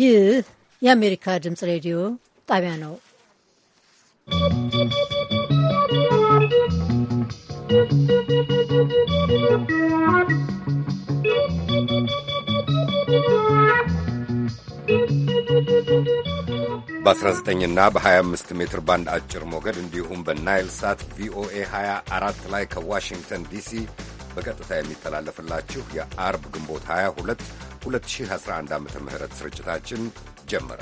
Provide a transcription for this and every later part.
ይህ የአሜሪካ ድምፅ ሬዲዮ ጣቢያ ነው። በ19 እና በ25 ሜትር ባንድ አጭር ሞገድ እንዲሁም በናይል ሳት ቪኦኤ 24 ላይ ከዋሽንግተን ዲሲ በቀጥታ የሚተላለፍላችሁ የአርብ ግንቦት 22 2011 ዓ ም ስርጭታችን ጀመረ።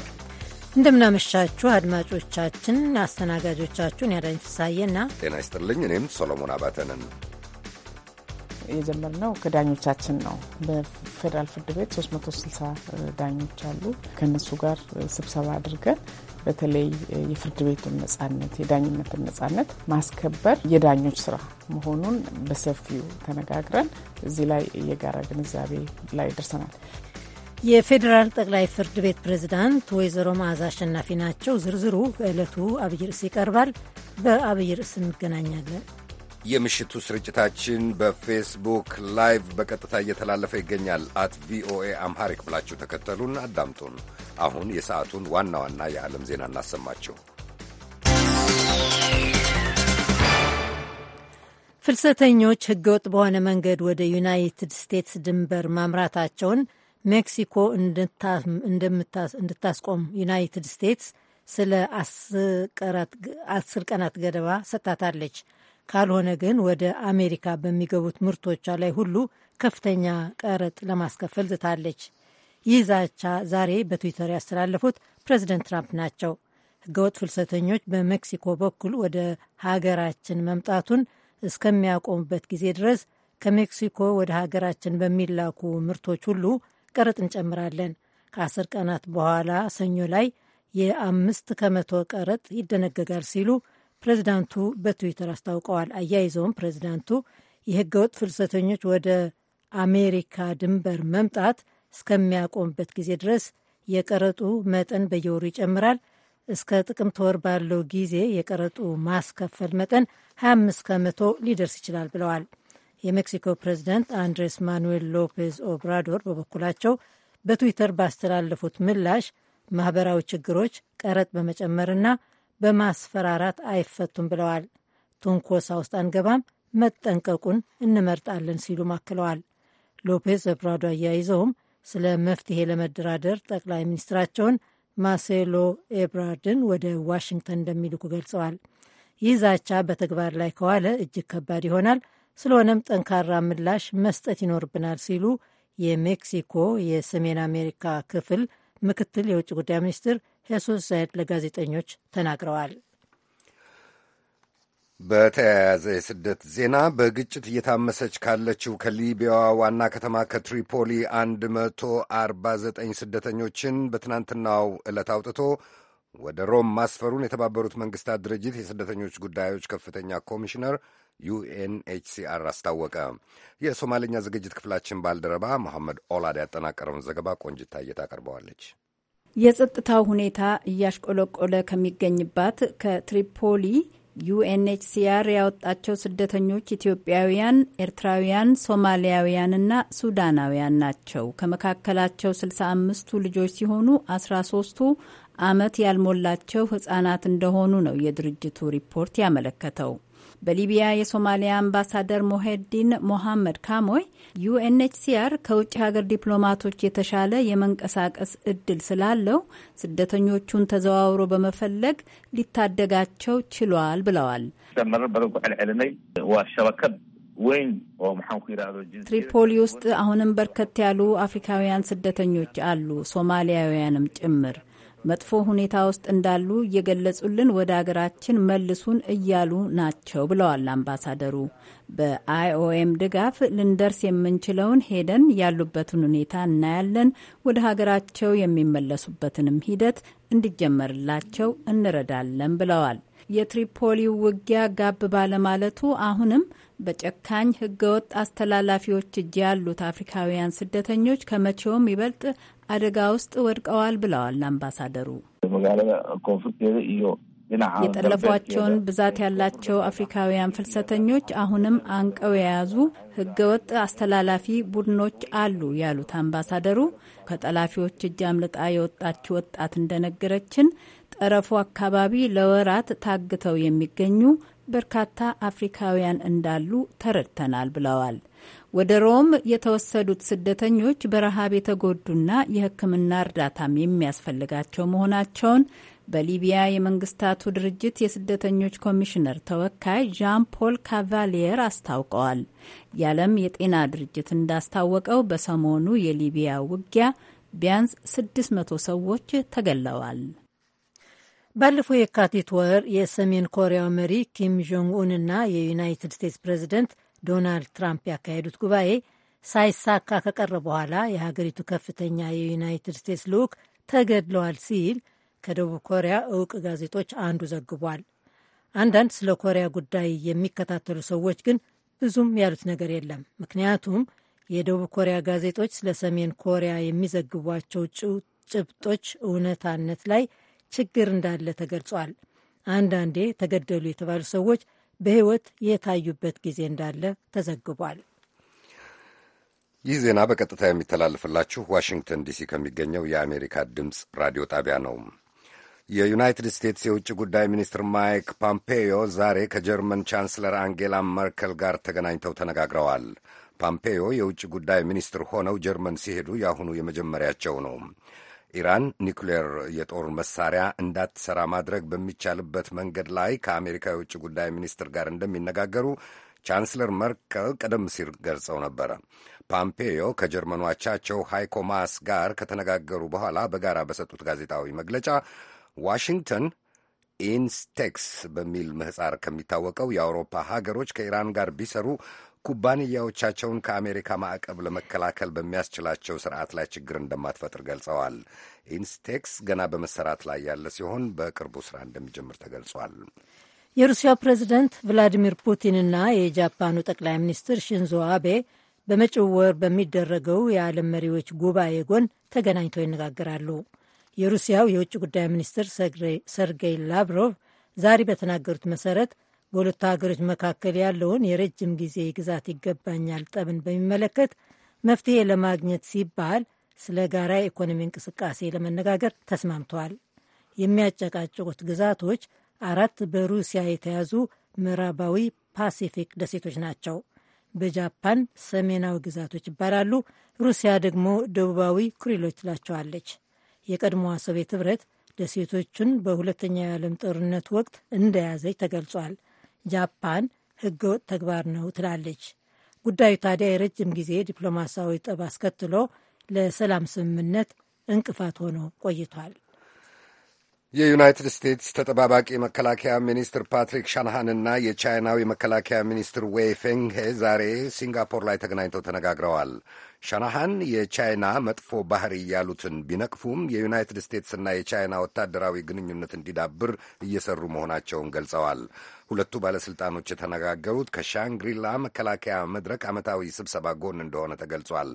እንደምናመሻችሁ አድማጮቻችን፣ አስተናጋጆቻችሁን ያዳኝ ፍሳዬና ጤና ይስጥልኝ። እኔም ሶሎሞን አባተንን የጀመርነው ከዳኞቻችን ነው። በፌዴራል ፍርድ ቤት 360 ዳኞች አሉ። ከእነሱ ጋር ስብሰባ አድርገን በተለይ የፍርድ ቤቱን ነጻነት፣ የዳኝነትን ነጻነት ማስከበር የዳኞች ስራ መሆኑን በሰፊው ተነጋግረን እዚህ ላይ የጋራ ግንዛቤ ላይ ደርሰናል። የፌዴራል ጠቅላይ ፍርድ ቤት ፕሬዝዳንት ወይዘሮ መዓዛ አሸናፊ ናቸው። ዝርዝሩ በዕለቱ አብይ ርዕስ ይቀርባል። በአብይ ርዕስ እንገናኛለን። የምሽቱ ስርጭታችን በፌስቡክ ላይቭ በቀጥታ እየተላለፈ ይገኛል። አት ቪኦኤ አምሃሪክ ብላችሁ ተከተሉን፣ አዳምጡን። አሁን የሰዓቱን ዋና ዋና የዓለም ዜና እናሰማችሁ። ፍልሰተኞች ህገወጥ በሆነ መንገድ ወደ ዩናይትድ ስቴትስ ድንበር ማምራታቸውን ሜክሲኮ እንድታስቆም ዩናይትድ ስቴትስ ስለ አስር ቀናት ገደባ ሰጥታታለች። ካልሆነ ግን ወደ አሜሪካ በሚገቡት ምርቶቿ ላይ ሁሉ ከፍተኛ ቀረጥ ለማስከፈል ዝታለች። ይህ ዛቻ ዛሬ በትዊተር ያስተላለፉት ፕሬዚደንት ትራምፕ ናቸው። ህገወጥ ፍልሰተኞች በሜክሲኮ በኩል ወደ ሀገራችን መምጣቱን እስከሚያቆሙበት ጊዜ ድረስ ከሜክሲኮ ወደ ሀገራችን በሚላኩ ምርቶች ሁሉ ቀረጥ እንጨምራለን። ከአስር ቀናት በኋላ ሰኞ ላይ የአምስት ከመቶ ቀረጥ ይደነገጋል ሲሉ ፕሬዚዳንቱ በትዊተር አስታውቀዋል። አያይዘውም ፕሬዚዳንቱ የህገወጥ ፍልሰተኞች ወደ አሜሪካ ድንበር መምጣት እስከሚያቆምበት ጊዜ ድረስ የቀረጡ መጠን በየወሩ ይጨምራል። እስከ ጥቅምት ወር ባለው ጊዜ የቀረጡ ማስከፈል መጠን 25 ከመቶ ሊደርስ ይችላል ብለዋል። የሜክሲኮ ፕሬዚደንት አንድሬስ ማኑዌል ሎፔዝ ኦብራዶር በበኩላቸው በትዊተር ባስተላለፉት ምላሽ ማህበራዊ ችግሮች ቀረጥ በመጨመርና በማስፈራራት አይፈቱም ብለዋል። ትንኮሳ ውስጥ አንገባም፣ መጠንቀቁን እንመርጣለን ሲሉም አክለዋል። ሎፔዝ ኦብራዶ አያይዘውም ስለ መፍትሄ ለመደራደር ጠቅላይ ሚኒስትራቸውን ማርሴሎ ኤብራርድን ወደ ዋሽንግተን እንደሚልኩ ገልጸዋል። ይህ ዛቻ በተግባር ላይ ከዋለ እጅግ ከባድ ይሆናል፣ ስለሆነም ጠንካራ ምላሽ መስጠት ይኖርብናል ሲሉ የሜክሲኮ የሰሜን አሜሪካ ክፍል ምክትል የውጭ ጉዳይ ሚኒስትር ሄሱስ ዛይድ ለጋዜጠኞች ተናግረዋል። በተያያዘ የስደት ዜና በግጭት እየታመሰች ካለችው ከሊቢያዋ ዋና ከተማ ከትሪፖሊ 149 ስደተኞችን በትናንትናው ዕለት አውጥቶ ወደ ሮም ማስፈሩን የተባበሩት መንግስታት ድርጅት የስደተኞች ጉዳዮች ከፍተኛ ኮሚሽነር ዩኤንኤችሲአር አስታወቀ። የሶማሌኛ ዝግጅት ክፍላችን ባልደረባ መሐመድ ኦላድ ያጠናቀረውን ዘገባ ቆንጅታ እየታቀርበዋለች። የጸጥታው ሁኔታ እያሽቆለቆለ ከሚገኝባት ከትሪፖሊ ዩኤንኤችሲአር ያወጣቸው ስደተኞች ኢትዮጵያውያን፣ ኤርትራውያን፣ ሶማሊያውያንና ሱዳናውያን ናቸው። ከመካከላቸው 65ቱ ልጆች ሲሆኑ 13ቱ ዓመት ያልሞላቸው ህጻናት እንደሆኑ ነው የድርጅቱ ሪፖርት ያመለከተው። በሊቢያ የሶማሊያ አምባሳደር ሞሄዲን ሞሐመድ ካሞይ ዩኤንኤችሲአር ከውጭ ሀገር ዲፕሎማቶች የተሻለ የመንቀሳቀስ እድል ስላለው ስደተኞቹን ተዘዋውሮ በመፈለግ ሊታደጋቸው ችሏል ብለዋል። ትሪፖሊ ውስጥ አሁንም በርከት ያሉ አፍሪካውያን ስደተኞች አሉ፣ ሶማሊያውያንም ጭምር መጥፎ ሁኔታ ውስጥ እንዳሉ እየገለጹልን ወደ አገራችን መልሱን እያሉ ናቸው ብለዋል አምባሳደሩ። በአይኦኤም ድጋፍ ልንደርስ የምንችለውን ሄደን ያሉበትን ሁኔታ እናያለን። ወደ ሀገራቸው የሚመለሱበትንም ሂደት እንዲጀመርላቸው እንረዳለን ብለዋል። የትሪፖሊው ውጊያ ጋብ ባለማለቱ አሁንም በጨካኝ ህገወጥ አስተላላፊዎች እጅ ያሉት አፍሪካውያን ስደተኞች ከመቼውም ይበልጥ አደጋ ውስጥ ወድቀዋል ብለዋል አምባሳደሩ። የጠለፏቸውን ብዛት ያላቸው አፍሪካውያን ፍልሰተኞች አሁንም አንቀው የያዙ ህገወጥ አስተላላፊ ቡድኖች አሉ ያሉት አምባሳደሩ ከጠላፊዎች እጅ አምልጣ የወጣች ወጣት እንደነገረችን ጠረፉ አካባቢ ለወራት ታግተው የሚገኙ በርካታ አፍሪካውያን እንዳሉ ተረድተናል ብለዋል። ወደ ሮም የተወሰዱት ስደተኞች በረሃብ የተጎዱና የሕክምና እርዳታም የሚያስፈልጋቸው መሆናቸውን በሊቢያ የመንግስታቱ ድርጅት የስደተኞች ኮሚሽነር ተወካይ ዣን ፖል ካቫሊየር አስታውቀዋል። የዓለም የጤና ድርጅት እንዳስታወቀው በሰሞኑ የሊቢያ ውጊያ ቢያንስ 600 ሰዎች ተገለዋል። ባለፈው የካቲት ወር የሰሜን ኮሪያው መሪ ኪም ጆንግ ኡንና የዩናይትድ ስቴትስ ፕሬዚደንት ዶናልድ ትራምፕ ያካሄዱት ጉባኤ ሳይሳካ ከቀረ በኋላ የሀገሪቱ ከፍተኛ የዩናይትድ ስቴትስ ልዑክ ተገድለዋል ሲል ከደቡብ ኮሪያ እውቅ ጋዜጦች አንዱ ዘግቧል። አንዳንድ ስለ ኮሪያ ጉዳይ የሚከታተሉ ሰዎች ግን ብዙም ያሉት ነገር የለም። ምክንያቱም የደቡብ ኮሪያ ጋዜጦች ስለ ሰሜን ኮሪያ የሚዘግቧቸው ጭብጦች እውነታነት ላይ ችግር እንዳለ ተገልጿል። አንዳንዴ ተገደሉ የተባሉ ሰዎች በሕይወት የታዩበት ጊዜ እንዳለ ተዘግቧል። ይህ ዜና በቀጥታ የሚተላለፍላችሁ ዋሽንግተን ዲሲ ከሚገኘው የአሜሪካ ድምፅ ራዲዮ ጣቢያ ነው። የዩናይትድ ስቴትስ የውጭ ጉዳይ ሚኒስትር ማይክ ፖምፔዮ ዛሬ ከጀርመን ቻንስለር አንጌላ መርከል ጋር ተገናኝተው ተነጋግረዋል። ፖምፔዮ የውጭ ጉዳይ ሚኒስትር ሆነው ጀርመን ሲሄዱ የአሁኑ የመጀመሪያቸው ነው። ኢራን ኒውክሌር የጦር መሳሪያ እንዳትሰራ ማድረግ በሚቻልበት መንገድ ላይ ከአሜሪካ የውጭ ጉዳይ ሚኒስትር ጋር እንደሚነጋገሩ ቻንስለር መርከል ቀደም ሲል ገልጸው ነበረ። ፓምፔዮ ከጀርመኑ ሃይኮ ማስ ጋር ከተነጋገሩ በኋላ በጋራ በሰጡት ጋዜጣዊ መግለጫ ዋሽንግተን ኢንስቴክስ በሚል ምህጻር ከሚታወቀው የአውሮፓ ሀገሮች ከኢራን ጋር ቢሰሩ ኩባንያዎቻቸውን ከአሜሪካ ማዕቀብ ለመከላከል በሚያስችላቸው ስርዓት ላይ ችግር እንደማትፈጥር ገልጸዋል። ኢንስቴክስ ገና በመሰራት ላይ ያለ ሲሆን በቅርቡ ስራ እንደሚጀምር ተገልጿል። ፕሬዝደንት ፕሬዚደንት ቭላዲሚር ፑቲንና የጃፓኑ ጠቅላይ ሚኒስትር ሽንዞ አቤ በመጪው ወር በሚደረገው የዓለም መሪዎች ጉባኤ ጎን ተገናኝተው ይነጋገራሉ። የሩሲያው የውጭ ጉዳይ ሚኒስትር ሰርጌይ ላቭሮቭ ዛሬ በተናገሩት መሰረት በሁለቱ ሀገሮች መካከል ያለውን የረጅም ጊዜ የግዛት ይገባኛል ጠብን በሚመለከት መፍትሄ ለማግኘት ሲባል ስለ ጋራ የኢኮኖሚ እንቅስቃሴ ለመነጋገር ተስማምተዋል። የሚያጨቃጭቁት ግዛቶች አራት በሩሲያ የተያዙ ምዕራባዊ ፓሲፊክ ደሴቶች ናቸው። በጃፓን ሰሜናዊ ግዛቶች ይባላሉ። ሩሲያ ደግሞ ደቡባዊ ኩሪሎች ትላቸዋለች። የቀድሞዋ ሶቪየት ህብረት ደሴቶቹን በሁለተኛው የዓለም ጦርነት ወቅት እንደያዘች ተገልጿል። ጃፓን ህገወጥ ተግባር ነው ትላለች። ጉዳዩ ታዲያ የረጅም ጊዜ ዲፕሎማሲያዊ ጠብ አስከትሎ ለሰላም ስምምነት እንቅፋት ሆኖ ቆይቷል። የዩናይትድ ስቴትስ ተጠባባቂ መከላከያ ሚኒስትር ፓትሪክ ሻንሃንና የቻይናዊ መከላከያ ሚኒስትር ዌይ ፌንግሄ ዛሬ ሲንጋፖር ላይ ተገናኝተው ተነጋግረዋል። ሻናሃን የቻይና መጥፎ ባህሪ ያሉትን ቢነቅፉም የዩናይትድ ስቴትስና የቻይና ወታደራዊ ግንኙነት እንዲዳብር እየሰሩ መሆናቸውን ገልጸዋል። ሁለቱ ባለሥልጣኖች የተነጋገሩት ከሻንግሪላ መከላከያ መድረክ ዓመታዊ ስብሰባ ጎን እንደሆነ ተገልጿል።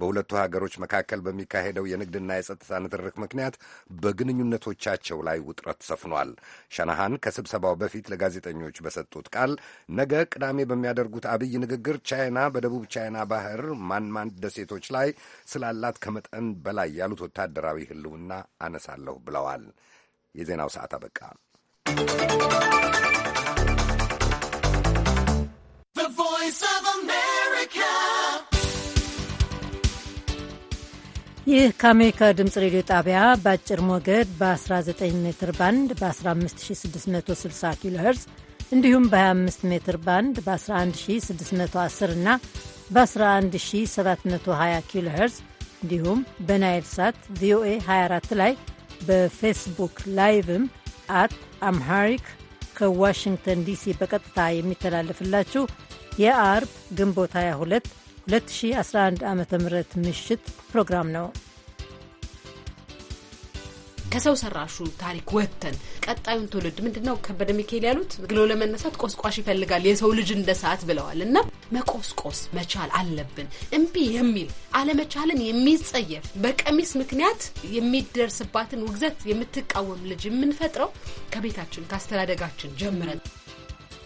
በሁለቱ ሀገሮች መካከል በሚካሄደው የንግድና የጸጥታ ንትርክ ምክንያት በግንኙነቶቻቸው ላይ ውጥረት ሰፍኗል። ሸናሃን ከስብሰባው በፊት ለጋዜጠኞች በሰጡት ቃል ነገ ቅዳሜ በሚያደርጉት አብይ ንግግር ቻይና በደቡብ ቻይና ባህር ማንማን ደሴቶች ላይ ስላላት ከመጠን በላይ ያሉት ወታደራዊ ህልውና አነሳለሁ ብለዋል። የዜናው ሰዓት አበቃ። ይህ ከአሜሪካ ድምፅ ሬዲዮ ጣቢያ በአጭር ሞገድ በ19 ሜትር ባንድ በ15660 ኪሎ ሄርዝ እንዲሁም በ25 ሜትር ባንድ በ11610 እና በ11720 ኪሎ ሄርዝ እንዲሁም በናይል ሳት ቪኦኤ 24 ላይ በፌስቡክ ላይቭም አት አምሃሪክ ከዋሽንግተን ዲሲ በቀጥታ የሚተላለፍላችሁ የአርብ ግንቦት 22 2011 ዓ ም ምሽት ፕሮግራም ነው። ከሰው ሰራሹ ታሪክ ወጥተን ቀጣዩን ትውልድ ምንድነው ከበደ ሚካኤል ያሉት ግለው ለመነሳት ቆስቋሽ ይፈልጋል የሰው ልጅ እንደ ሰዓት ብለዋል። እና መቆስቆስ መቻል አለብን። እምቢ የሚል አለመቻልን የሚጸየፍ በቀሚስ ምክንያት የሚደርስባትን ውግዘት የምትቃወም ልጅ የምንፈጥረው ከቤታችን ከአስተዳደጋችን ጀምረን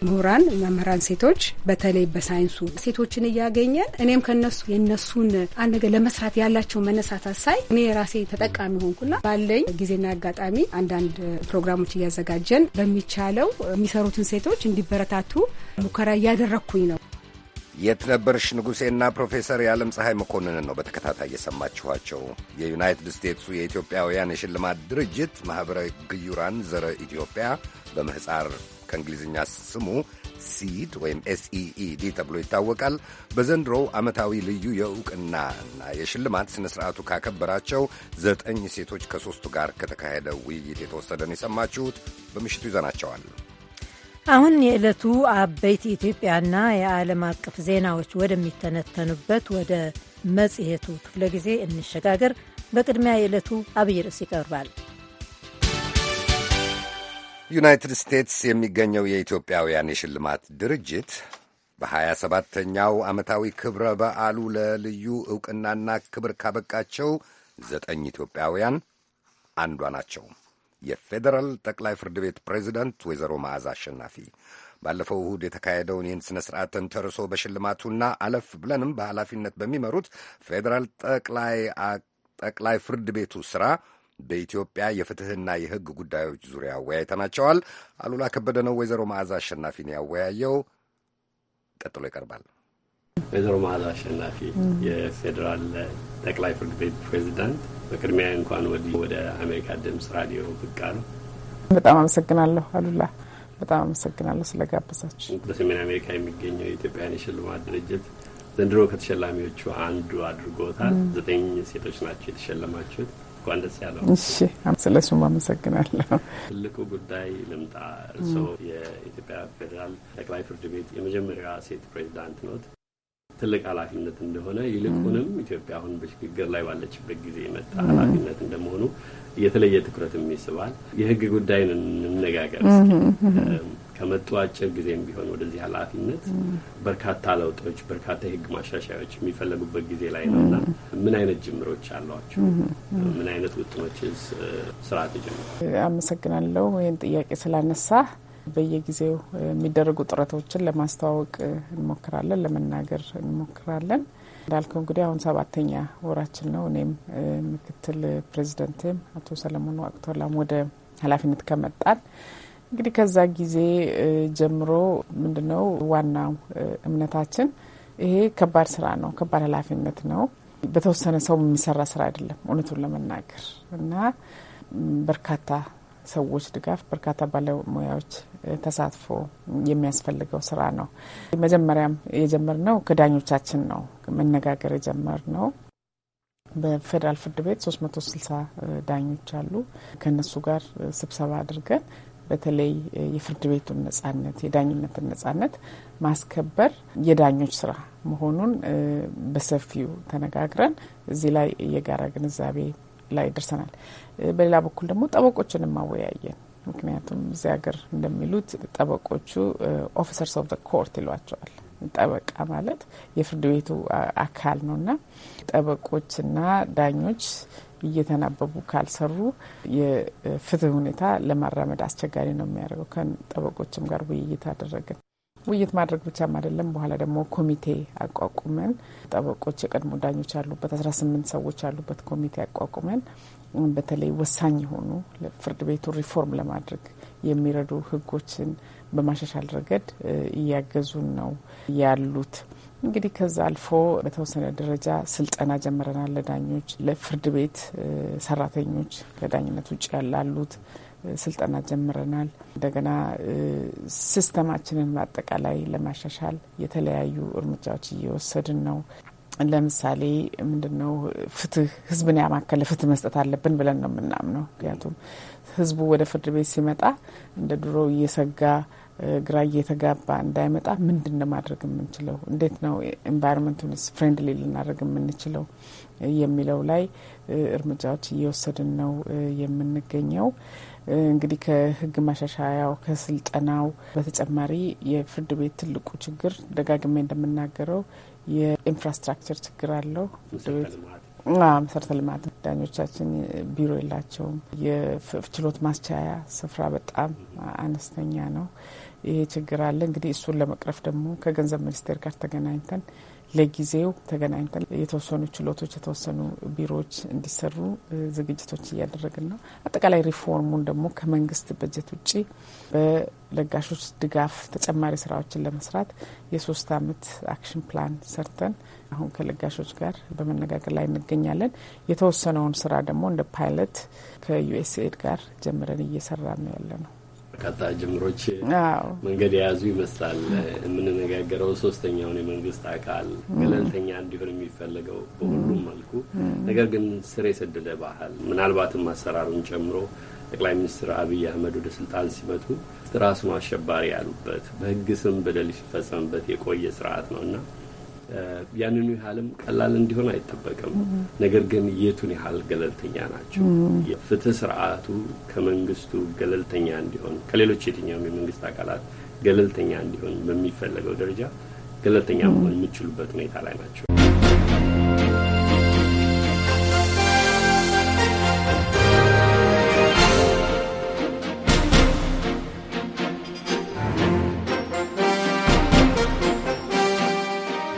ምሁራን መምህራን ሴቶች በተለይ በሳይንሱ ሴቶችን እያገኘ እኔም ከነሱ የነሱን አንድ ነገር ለመስራት ያላቸው መነሳታት ሳይ እኔ ራሴ ተጠቃሚ ሆንኩና ባለኝ ጊዜና አጋጣሚ አንዳንድ ፕሮግራሞች እያዘጋጀን በሚቻለው የሚሰሩትን ሴቶች እንዲበረታቱ ሙከራ እያደረግኩኝ ነው። የት ነበርሽ ንጉሴና ፕሮፌሰር የዓለም ፀሐይ መኮንንን ነው በተከታታይ የሰማችኋቸው። የዩናይትድ ስቴትሱ የኢትዮጵያውያን የሽልማት ድርጅት ማኅበረ ግዩራን ዘረ ኢትዮጵያ በምህፃር ከእንግሊዝኛ ስሙ ሲድ ወይም ኤስኢኢዲ e e ተብሎ ይታወቃል። በዘንድሮው ዓመታዊ ልዩ የእውቅና እና የሽልማት ሥነ ሥርዓቱ ካከበራቸው ዘጠኝ ሴቶች ከሦስቱ ጋር ከተካሄደ ውይይት የተወሰደ የሰማችሁት። በምሽቱ ይዘናቸዋል። አሁን የዕለቱ አበይት ኢትዮጵያና የዓለም አቀፍ ዜናዎች ወደሚተነተኑበት ወደ መጽሔቱ ክፍለ ጊዜ እንሸጋገር። በቅድሚያ የዕለቱ አብይ ርዕስ ይቀርባል። ዩናይትድ ስቴትስ የሚገኘው የኢትዮጵያውያን የሽልማት ድርጅት በሀያ ሰባተኛው ዓመታዊ ክብረ በዓሉ ለልዩ ዕውቅናና ክብር ካበቃቸው ዘጠኝ ኢትዮጵያውያን አንዷ ናቸው። የፌዴራል ጠቅላይ ፍርድ ቤት ፕሬዚደንት ወይዘሮ መዓዛ አሸናፊ ባለፈው እሁድ የተካሄደውን ይህን ሥነ ሥርዓት ተንተርሶ በሽልማቱና አለፍ ብለንም በኃላፊነት በሚመሩት ፌዴራል ጠቅላይ ፍርድ ቤቱ ሥራ በኢትዮጵያ የፍትህና የህግ ጉዳዮች ዙሪያ አወያይተናቸዋል። አሉላ ከበደ ነው ወይዘሮ መዓዛ አሸናፊን ያወያየው። ቀጥሎ ይቀርባል። ወይዘሮ መዓዛ አሸናፊ የፌዴራል ጠቅላይ ፍርድ ቤት ፕሬዚዳንት፣ በቅድሚያ እንኳን ወዲህ ወደ አሜሪካ ድምፅ ራዲዮ ብቅ አሉ። በጣም አመሰግናለሁ አሉላ፣ በጣም አመሰግናለሁ ስለጋበዛችሁ። በሰሜን አሜሪካ የሚገኘው የኢትዮጵያን የሽልማት ድርጅት ዘንድሮ ከተሸላሚዎቹ አንዱ አድርጎታል። ዘጠኝ ሴቶች ናቸው የተሸለማችሁት። እንኳን ደስ ያለው። እሺ ስለሽም አመሰግናለሁ። ትልቁ ጉዳይ ልምጣ። እርስዎ የኢትዮጵያ ፌዴራል ጠቅላይ ፍርድ ቤት የመጀመሪያዋ ሴት ፕሬዚዳንት ኖት። ትልቅ ኃላፊነት እንደሆነ ይልቁንም ኢትዮጵያ አሁን በሽግግር ላይ ባለችበት ጊዜ የመጣ ኃላፊነት እንደመሆኑ የተለየ ትኩረትም ይስባል። የህግ ጉዳይን እንነጋገር ከመጡ አጭር ጊዜም ቢሆን ወደዚህ ኃላፊነት በርካታ ለውጦች፣ በርካታ የህግ ማሻሻያዎች የሚፈለጉበት ጊዜ ላይ ነው እና ምን አይነት ጅምሮች አሏቸው? ምን አይነት ውጥኖች ስራ ተጀምሯል? አመሰግናለሁ ይህን ጥያቄ ስላነሳ። በየጊዜው የሚደረጉ ጥረቶችን ለማስተዋወቅ እንሞክራለን፣ ለመናገር እንሞክራለን። እንዳልከው እንግዲህ አሁን ሰባተኛ ወራችን ነው። እኔም ምክትል ፕሬዚደንትም አቶ ሰለሞን ዋቅቶላም ወደ ኃላፊነት ከመጣን እንግዲህ ከዛ ጊዜ ጀምሮ ምንድነው ዋናው እምነታችን ይሄ ከባድ ስራ ነው፣ ከባድ ኃላፊነት ነው። በተወሰነ ሰው የሚሰራ ስራ አይደለም እውነቱን ለመናገር እና በርካታ ሰዎች ድጋፍ፣ በርካታ ባለሙያዎች ተሳትፎ የሚያስፈልገው ስራ ነው። መጀመሪያም የጀመርነው ከዳኞቻችን ነው መነጋገር የጀመርነው። በፌዴራል ፍርድ ቤት ስልሳ ዳኞች አሉ። ከእነሱ ጋር ስብሰባ አድርገን በተለይ የፍርድ ቤቱን ነጻነት፣ የዳኝነትን ነጻነት ማስከበር የዳኞች ስራ መሆኑን በሰፊው ተነጋግረን እዚህ ላይ የጋራ ግንዛቤ ላይ ደርሰናል። በሌላ በኩል ደግሞ ጠበቆችን ማወያየን ምክንያቱም እዚህ ሀገር እንደሚሉት ጠበቆቹ ኦፊሰርስ ኦፍ ዘ ኮርት ይሏቸዋል። ጠበቃ ማለት የፍርድ ቤቱ አካል ነውና ጠበቆችና ዳኞች እየተናበቡ ካልሰሩ የፍትህ ሁኔታ ለማራመድ አስቸጋሪ ነው የሚያደርገው። ከጠበቆችም ጋር ውይይት አደረግን። ውይይት ማድረግ ብቻም አይደለም። በኋላ ደግሞ ኮሚቴ አቋቁመን ጠበቆች፣ የቀድሞ ዳኞች ያሉበት አስራ ስምንት ሰዎች ያሉበት ኮሚቴ አቋቁመን በተለይ ወሳኝ የሆኑ ፍርድ ቤቱ ሪፎርም ለማድረግ የሚረዱ ህጎችን በማሻሻል ረገድ እያገዙን ነው ያሉት። እንግዲህ ከዛ አልፎ በተወሰነ ደረጃ ስልጠና ጀምረናል። ለዳኞች፣ ለፍርድ ቤት ሰራተኞች፣ ከዳኝነት ውጭ ያላሉት ስልጠና ጀምረናል። እንደገና ሲስተማችንን በአጠቃላይ ለማሻሻል የተለያዩ እርምጃዎች እየወሰድን ነው። ለምሳሌ ምንድነው ፍትህ ህዝብን ያማከለ ፍትህ መስጠት አለብን ብለን ነው የምናምነው። ምክንያቱም ህዝቡ ወደ ፍርድ ቤት ሲመጣ እንደ ድሮ እየሰጋ ግራ እየተጋባ እንዳይመጣ ምንድን ነው ማድረግ የምንችለው? እንዴት ነው ኤንቫይሮንመንቱን ፍሬንድሊ ልናደርግ የምንችለው የሚለው ላይ እርምጃዎች እየወሰድን ነው የምንገኘው። እንግዲህ ከህግ ማሻሻያው ከስልጠናው በተጨማሪ የፍርድ ቤት ትልቁ ችግር ደጋግሜ እንደምናገረው የኢንፍራስትራክቸር ችግር አለው። ፍርድ ቤት መሰረተ ልማት ዳኞቻችን ቢሮ የላቸውም። የችሎት ማስቻያ ስፍራ በጣም አነስተኛ ነው። ይሄ ችግር አለ። እንግዲህ እሱን ለመቅረፍ ደግሞ ከገንዘብ ሚኒስቴር ጋር ተገናኝተን ለጊዜው ተገናኝተን የተወሰኑ ችሎቶች የተወሰኑ ቢሮዎች እንዲሰሩ ዝግጅቶች እያደረግን ነው። አጠቃላይ ሪፎርሙን ደግሞ ከመንግስት በጀት ውጭ በለጋሾች ድጋፍ ተጨማሪ ስራዎችን ለመስራት የሶስት አመት አክሽን ፕላን ሰርተን አሁን ከለጋሾች ጋር በመነጋገር ላይ እንገኛለን። የተወሰነውን ስራ ደግሞ እንደ ፓይለት ከዩኤስኤድ ጋር ጀምረን እየሰራ ነው ያለ ነው። በርካታ ጅምሮች መንገድ የያዙ ይመስላል። የምንነጋገረው ሶስተኛውን የመንግስት አካል ገለልተኛ እንዲሆን የሚፈለገው በሁሉም መልኩ ነገር ግን ስር የሰደደ ባህል ምናልባትም አሰራሩን ጨምሮ ጠቅላይ ሚኒስትር አብይ አህመድ ወደ ስልጣን ሲመጡ ራሱን አሸባሪ ያሉበት በህግ ስም በደል ሲፈጸምበት የቆየ ስርዓት ነው እና ያንኑ ያህልም ቀላል እንዲሆን አይጠበቅም። ነገር ግን የቱን ያህል ገለልተኛ ናቸው? የፍትህ ስርዓቱ ከመንግስቱ ገለልተኛ እንዲሆን ከሌሎች የትኛውም የመንግስት አካላት ገለልተኛ እንዲሆን በሚፈለገው ደረጃ ገለልተኛ መሆን የሚችሉበት ሁኔታ ላይ ናቸው።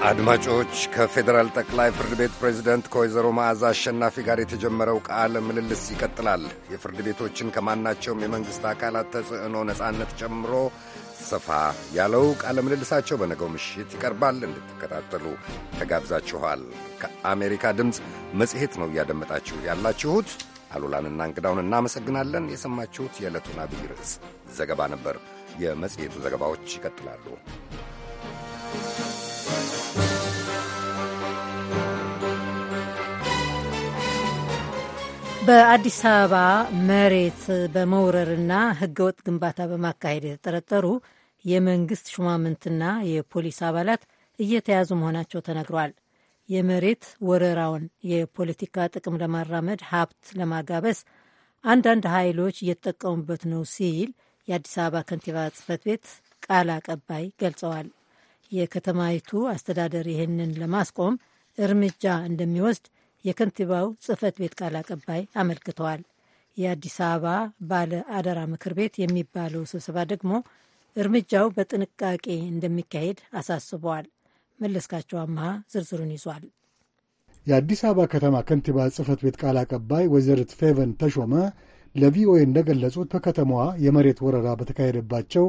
አድማጮች ከፌዴራል ጠቅላይ ፍርድ ቤት ፕሬዝደንት ከወይዘሮ መዓዛ አሸናፊ ጋር የተጀመረው ቃለ ምልልስ ይቀጥላል። የፍርድ ቤቶችን ከማናቸውም የመንግሥት አካላት ተጽዕኖ ነጻነት ጨምሮ ሰፋ ያለው ቃለ ምልልሳቸው በነገው ምሽት ይቀርባል። እንድትከታተሉ ተጋብዛችኋል። ከአሜሪካ ድምፅ መጽሔት ነው እያደመጣችሁ ያላችሁት። አሉላንና እንግዳውን እናመሰግናለን። የሰማችሁት የዕለቱን አብይ ርዕስ ዘገባ ነበር። የመጽሔቱ ዘገባዎች ይቀጥላሉ። በአዲስ አበባ መሬት በመውረርና ህገወጥ ግንባታ በማካሄድ የተጠረጠሩ የመንግስት ሹማምንትና የፖሊስ አባላት እየተያዙ መሆናቸው ተነግሯል። የመሬት ወረራውን የፖለቲካ ጥቅም ለማራመድ ሀብት ለማጋበስ አንዳንድ ኃይሎች እየተጠቀሙበት ነው ሲል የአዲስ አበባ ከንቲባ ጽህፈት ቤት ቃል አቀባይ ገልጸዋል። የከተማይቱ አስተዳደር ይህንን ለማስቆም እርምጃ እንደሚወስድ የከንቲባው ጽህፈት ቤት ቃል አቀባይ አመልክተዋል። የአዲስ አበባ ባለ አደራ ምክር ቤት የሚባለው ስብሰባ ደግሞ እርምጃው በጥንቃቄ እንደሚካሄድ አሳስበዋል። መለስካቸው አመሃ ዝርዝሩን ይዟል። የአዲስ አበባ ከተማ ከንቲባ ጽህፈት ቤት ቃል አቀባይ ወይዘሪት ፌቨን ተሾመ ለቪኦኤ እንደገለጹት በከተማዋ የመሬት ወረራ በተካሄደባቸው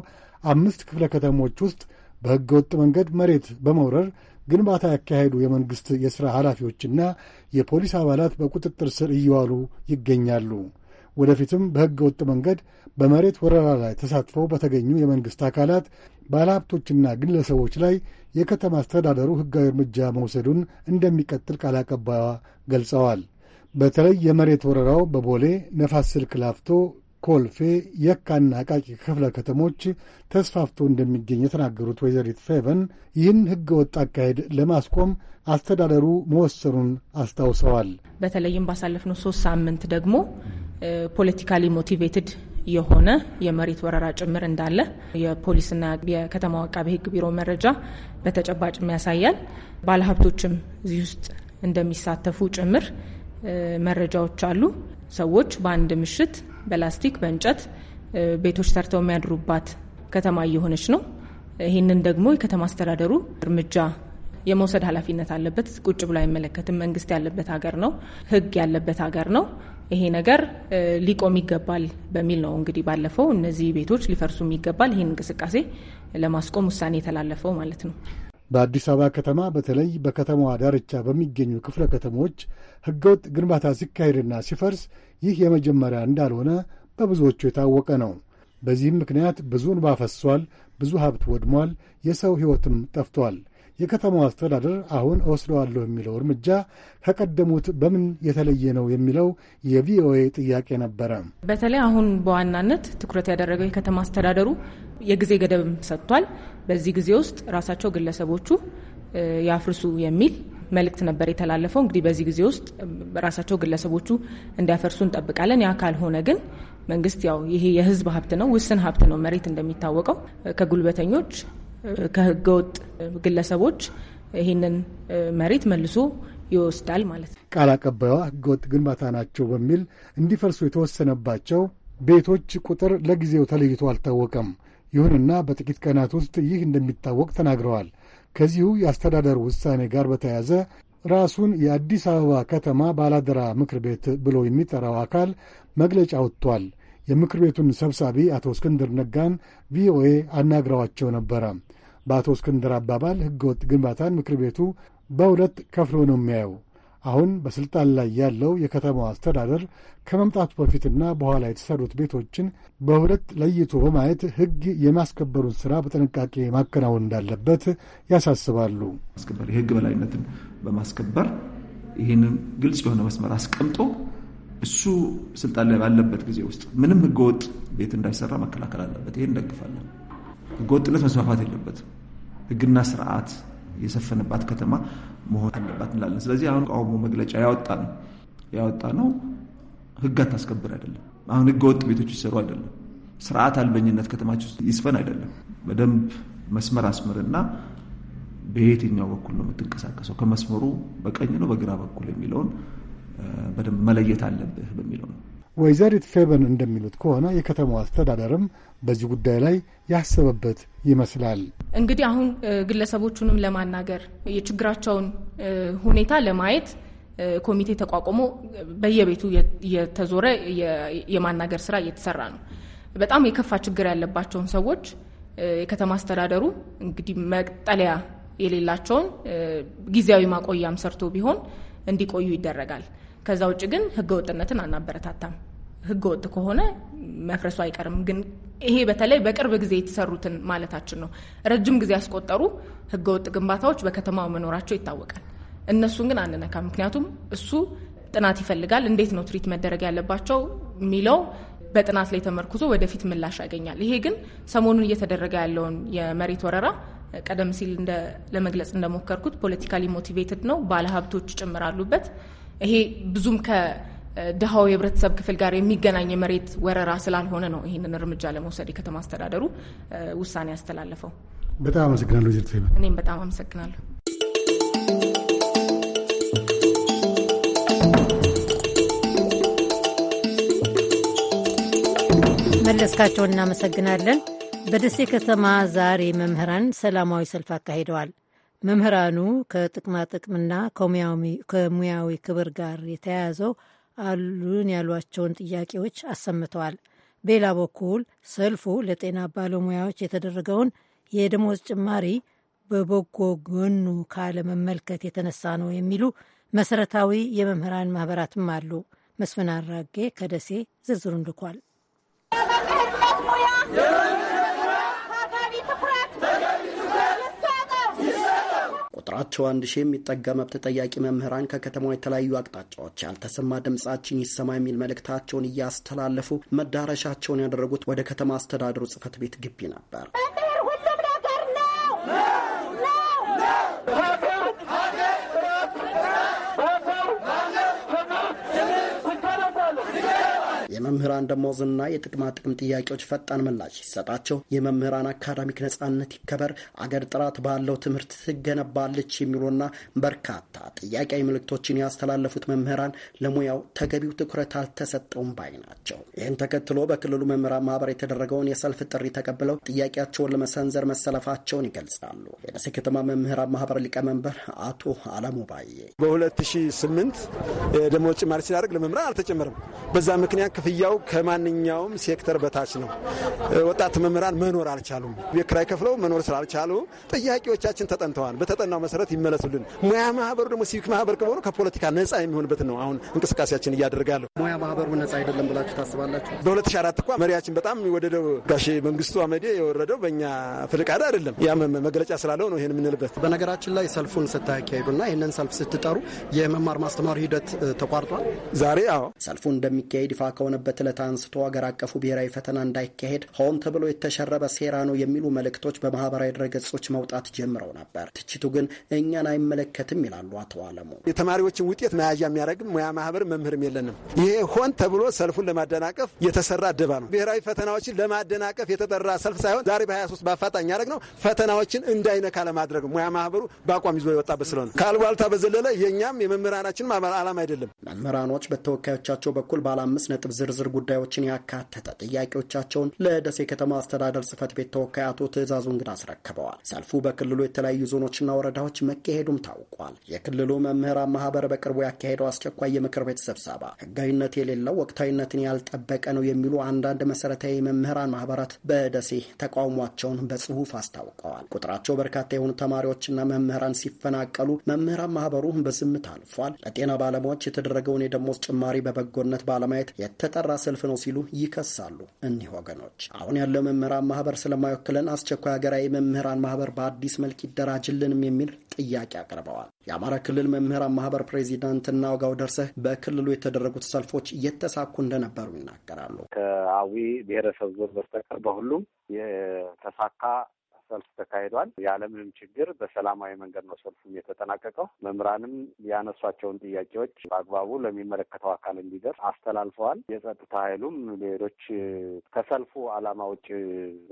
አምስት ክፍለ ከተሞች ውስጥ በሕገ ወጥ መንገድ መሬት በመውረር ግንባታ ያካሄዱ የመንግሥት የሥራ ኃላፊዎችና የፖሊስ አባላት በቁጥጥር ስር እየዋሉ ይገኛሉ። ወደፊትም በሕገ ወጥ መንገድ በመሬት ወረራ ላይ ተሳትፈው በተገኙ የመንግሥት አካላት፣ ባለሀብቶችና ግለሰቦች ላይ የከተማ አስተዳደሩ ሕጋዊ እርምጃ መውሰዱን እንደሚቀጥል ቃል አቀባይዋ ገልጸዋል። በተለይ የመሬት ወረራው በቦሌ ነፋስ ስልክ ላፍቶ ኮልፌ፣ የካና አቃቂ ክፍለ ከተሞች ተስፋፍቶ እንደሚገኝ የተናገሩት ወይዘሪት ፌቨን ይህን ህገወጥ አካሄድ ለማስቆም አስተዳደሩ መወሰኑን አስታውሰዋል። በተለይም ባሳለፍነው ሶስት ሳምንት ደግሞ ፖለቲካሊ ሞቲቬትድ የሆነ የመሬት ወረራ ጭምር እንዳለ የፖሊስና የከተማው አቃቤ ሕግ ቢሮ መረጃ በተጨባጭም ያሳያል። ባለሀብቶችም እዚህ ውስጥ እንደሚሳተፉ ጭምር መረጃዎች አሉ። ሰዎች በአንድ ምሽት በላስቲክ በእንጨት ቤቶች ሰርተው የሚያድሩባት ከተማ እየሆነች ነው። ይህንን ደግሞ የከተማ አስተዳደሩ እርምጃ የመውሰድ ኃላፊነት አለበት። ቁጭ ብሎ አይመለከትም። መንግስት ያለበት ሀገር ነው። ህግ ያለበት ሀገር ነው። ይሄ ነገር ሊቆም ይገባል በሚል ነው እንግዲህ ባለፈው እነዚህ ቤቶች ሊፈርሱም ይገባል ይህን እንቅስቃሴ ለማስቆም ውሳኔ የተላለፈው ማለት ነው። በአዲስ አበባ ከተማ በተለይ በከተማዋ ዳርቻ በሚገኙ ክፍለ ከተሞች ሕገወጥ ግንባታ ሲካሄድና ሲፈርስ ይህ የመጀመሪያ እንዳልሆነ በብዙዎቹ የታወቀ ነው። በዚህም ምክንያት ብዙ እንባ ፈሷል፣ ብዙ ሀብት ወድሟል፣ የሰው ሕይወትም ጠፍቷል። የከተማው አስተዳደር አሁን እወስደዋለሁ የሚለው እርምጃ ከቀደሙት በምን የተለየ ነው የሚለው የቪኦኤ ጥያቄ ነበረ። በተለይ አሁን በዋናነት ትኩረት ያደረገው የከተማ አስተዳደሩ የጊዜ ገደብም ሰጥቷል። በዚህ ጊዜ ውስጥ ራሳቸው ግለሰቦቹ ያፍርሱ የሚል መልእክት ነበር የተላለፈው። እንግዲህ በዚህ ጊዜ ውስጥ ራሳቸው ግለሰቦቹ እንዲያፈርሱ እንጠብቃለን። ያ ካልሆነ ግን መንግስት ያው ይሄ የህዝብ ሀብት ነው፣ ውስን ሀብት ነው መሬት እንደሚታወቀው ከጉልበተኞች ከህገወጥ ግለሰቦች ይህንን መሬት መልሶ ይወስዳል ማለት ነው። ቃል አቀባይዋ ህገወጥ ግንባታ ናቸው በሚል እንዲፈርሱ የተወሰነባቸው ቤቶች ቁጥር ለጊዜው ተለይቶ አልታወቀም። ይሁንና በጥቂት ቀናት ውስጥ ይህ እንደሚታወቅ ተናግረዋል። ከዚሁ የአስተዳደር ውሳኔ ጋር በተያያዘ ራሱን የአዲስ አበባ ከተማ ባላደራ ምክር ቤት ብሎ የሚጠራው አካል መግለጫ ወጥቷል። የምክር ቤቱን ሰብሳቢ አቶ እስክንድር ነጋን ቪኦኤ አናግረዋቸው ነበረ። በአቶ እስክንድር አባባል ሕገወጥ ግንባታን ምክር ቤቱ በሁለት ከፍሎ ነው የሚያየው። አሁን በሥልጣን ላይ ያለው የከተማው አስተዳደር ከመምጣቱ በፊትና በኋላ የተሠሩት ቤቶችን በሁለት ለይቶ በማየት ሕግ የማስከበሩን ሥራ በጥንቃቄ ማከናወን እንዳለበት ያሳስባሉ። የሕግ በላይነትን በማስከበር ይህንን ግልጽ የሆነ መስመር አስቀምጦ እሱ ስልጣን ላይ ባለበት ጊዜ ውስጥ ምንም ህገወጥ ቤት እንዳይሰራ መከላከል አለበት። ይሄን እንደግፋለን። ህገወጥነት መስፋፋት የለበትም። ህግና ስርዓት የሰፈነባት ከተማ መሆን አለባት እንላለን። ስለዚህ አሁን ቃውሞ መግለጫ ያወጣ ነው ያወጣ ነው ህግ አታስከብር አይደለም። አሁን ህገወጥ ቤቶች ይሰሩ አይደለም። ስርዓት አልበኝነት ከተማቸው ይስፈን አይደለም። በደንብ መስመር አስምርና በየትኛው በኩል ነው የምትንቀሳቀሰው፣ ከመስመሩ በቀኝ ነው በግራ በኩል የሚለውን በደንብ መለየት አለብህ በሚለው ነው። ወይዘሪት ፌበን እንደሚሉት ከሆነ የከተማው አስተዳደርም በዚህ ጉዳይ ላይ ያሰበበት ይመስላል። እንግዲህ አሁን ግለሰቦቹንም ለማናገር የችግራቸውን ሁኔታ ለማየት ኮሚቴ ተቋቁሞ በየቤቱ እየተዞረ የማናገር ስራ እየተሰራ ነው። በጣም የከፋ ችግር ያለባቸውን ሰዎች የከተማ አስተዳደሩ እንግዲህ መጠለያ የሌላቸውን ጊዜያዊ ማቆያም ሰርቶ ቢሆን እንዲቆዩ ይደረጋል። ከዛ ውጭ ግን ህገ ወጥነትን አናበረታታም። ህገወጥ ከሆነ መፍረሱ አይቀርም። ግን ይሄ በተለይ በቅርብ ጊዜ የተሰሩትን ማለታችን ነው። ረጅም ጊዜ ያስቆጠሩ ህገወጥ ግንባታዎች በከተማው መኖራቸው ይታወቃል። እነሱን ግን አንነካ። ምክንያቱም እሱ ጥናት ይፈልጋል። እንዴት ነው ትሪት መደረግ ያለባቸው የሚለው በጥናት ላይ ተመርኩዞ ወደፊት ምላሽ ያገኛል። ይሄ ግን ሰሞኑን እየተደረገ ያለውን የመሬት ወረራ ቀደም ሲል ለመግለጽ እንደሞከርኩት ፖለቲካሊ ሞቲቬትድ ነው። ባለሀብቶች ጭምር አሉበት። ይሄ ብዙም ከድሃው የህብረተሰብ ክፍል ጋር የሚገናኝ የመሬት ወረራ ስላልሆነ ነው ይህንን እርምጃ ለመውሰድ የከተማ አስተዳደሩ ውሳኔ ያስተላለፈው። በጣም አመሰግናለሁ። እኔም በጣም አመሰግናለሁ። መለስካቸውን እናመሰግናለን። በደሴ ከተማ ዛሬ መምህራን ሰላማዊ ሰልፍ አካሂደዋል። መምህራኑ ጥቅምና ከሙያዊ ክብር ጋር የተያያዘው አሉን ያሏቸውን ጥያቄዎች አሰምተዋል። በሌላ በኩል ሰልፉ ለጤና ባለሙያዎች የተደረገውን የደሞዝ ጭማሪ በበጎ ጎኑ ካለመመልከት የተነሳ ነው የሚሉ መሰረታዊ የመምህራን ማህበራትም አሉ። መስፍን አራጌ ከደሴ ዝርዝሩን ልኳል። ቁጥራቸው አንድ ሺህ የሚጠጋ መብት ጠያቂ መምህራን ከከተማው የተለያዩ አቅጣጫዎች ያልተሰማ ድምጻችን ይሰማ የሚል መልእክታቸውን እያስተላለፉ መዳረሻቸውን ያደረጉት ወደ ከተማ አስተዳደሩ ጽህፈት ቤት ግቢ ነበር። የመምህራን ደሞዝና የጥቅማ ጥቅም ጥያቄዎች ፈጣን ምላሽ ሲሰጣቸው የመምህራን አካዳሚክ ነጻነት ይከበር፣ አገር ጥራት ባለው ትምህርት ትገነባለች የሚሉና በርካታ ጥያቄ ምልክቶችን ያስተላለፉት መምህራን ለሙያው ተገቢው ትኩረት አልተሰጠውም ባይ ናቸው። ይህን ተከትሎ በክልሉ መምህራን ማህበር የተደረገውን የሰልፍ ጥሪ ተቀብለው ጥያቄያቸውን ለመሰንዘር መሰለፋቸውን ይገልጻሉ። የደሴ ከተማ መምህራን ማህበር ሊቀመንበር አቶ አለሙ ባዬ በ2008 የደሞዝ ጭማሪ ሲናደርግ ለመምህራን አልተጨመረም። በዛ ምክንያት ክፍያው ከማንኛውም ሴክተር በታች ነው። ወጣት መምህራን መኖር አልቻሉም። ቤት ኪራይ ከፍለው መኖር ስላልቻሉ ጥያቄዎቻችን ተጠንተዋል። በተጠናው መሰረት ይመለሱልን። ሙያ ማህበሩ ደግሞ ሲቪክ ማህበር ከሆኑ ከፖለቲካ ነጻ የሚሆንበት ነው። አሁን እንቅስቃሴያችን እያደርጋለሁ። ሙያ ማህበሩ ነጻ አይደለም ብላችሁ ታስባላችሁ? በ2004 እኳ መሪያችን በጣም የወደደው ጋሽ መንግስቱ አመዴ የወረደው በእኛ ፍልቃድ አይደለም። ያ መግለጫ ስላለው ነው ይህን የምንልበት። በነገራችን ላይ ሰልፉን ስታካሄዱና ይህንን ሰልፍ ስትጠሩ የመማር ማስተማር ሂደት ተቋርጧል ዛሬ? አዎ ሰልፉ እንደሚካሄድ ይፋ ከሆነ ከጀመረበት ዕለት አንስቶ አገር አቀፉ ብሔራዊ ፈተና እንዳይካሄድ ሆን ተብሎ የተሸረበ ሴራ ነው የሚሉ መልእክቶች በማህበራዊ ድረገጾች መውጣት ጀምረው ነበር። ትችቱ ግን እኛን አይመለከትም ይላሉ አቶ አለሙ። የተማሪዎችን ውጤት መያዣ የሚያደርግም ሙያ ማህበር መምህርም የለንም። ይሄ ሆን ተብሎ ሰልፉን ለማደናቀፍ የተሰራ ደባ ነው። ብሔራዊ ፈተናዎችን ለማደናቀፍ የተጠራ ሰልፍ ሳይሆን ዛሬ በ23 በአፋጣኝ ያደረግ ነው ፈተናዎችን እንዳይነካ ለማድረግ ሙያ ማህበሩ በአቋም ይዞ የወጣበት ስለሆነ ከአሉባልታ በዘለለ የእኛም የመምህራናችንም አላማ አይደለም። መምህራኖች በተወካዮቻቸው በኩል ባለ አምስት ነጥብ ዝርዝር ጉዳዮችን ያካተተ ጥያቄዎቻቸውን ለደሴ ከተማ አስተዳደር ጽህፈት ቤት ተወካይ አቶ ትዕዛዙ እንግዳ አስረክበዋል። ሰልፉ በክልሉ የተለያዩ ዞኖችና ወረዳዎች መካሄዱም ታውቋል። የክልሉ መምህራን ማህበር በቅርቡ ያካሄደው አስቸኳይ የምክር ቤት ስብሰባ ህጋዊነት የሌለው ወቅታዊነትን ያልጠበቀ ነው የሚሉ አንዳንድ መሰረታዊ መምህራን ማህበራት በደሴ ተቃውሟቸውን በጽሁፍ አስታውቀዋል። ቁጥራቸው በርካታ የሆኑ ተማሪዎችና መምህራን ሲፈናቀሉ መምህራን ማህበሩ በዝምታ አልፏል። ለጤና ባለሙያዎች የተደረገውን የደሞዝ ጭማሪ በበጎነት ባለማየት የተጠ ጠራ ሰልፍ ነው ሲሉ ይከሳሉ። እኒህ ወገኖች አሁን ያለው መምህራን ማህበር ስለማይወክለን አስቸኳይ ሀገራዊ መምህራን ማህበር በአዲስ መልክ ይደራጅልንም የሚል ጥያቄ አቅርበዋል። የአማራ ክልል መምህራን ማህበር ፕሬዚዳንትና ወጋው ደርሰህ በክልሉ የተደረጉት ሰልፎች እየተሳኩ እንደነበሩ ይናገራሉ። ከአዊ ብሔረሰብ ዞን በስተቀር በሁሉም የተሳካ ሰልፍ ተካሂዷል። ያለምንም ችግር በሰላማዊ መንገድ ነው ሰልፉም የተጠናቀቀው። መምህራንም ያነሷቸውን ጥያቄዎች በአግባቡ ለሚመለከተው አካል እንዲደርስ አስተላልፈዋል። የጸጥታ ኃይሉም ሌሎች ከሰልፉ ዓላማ ውጭ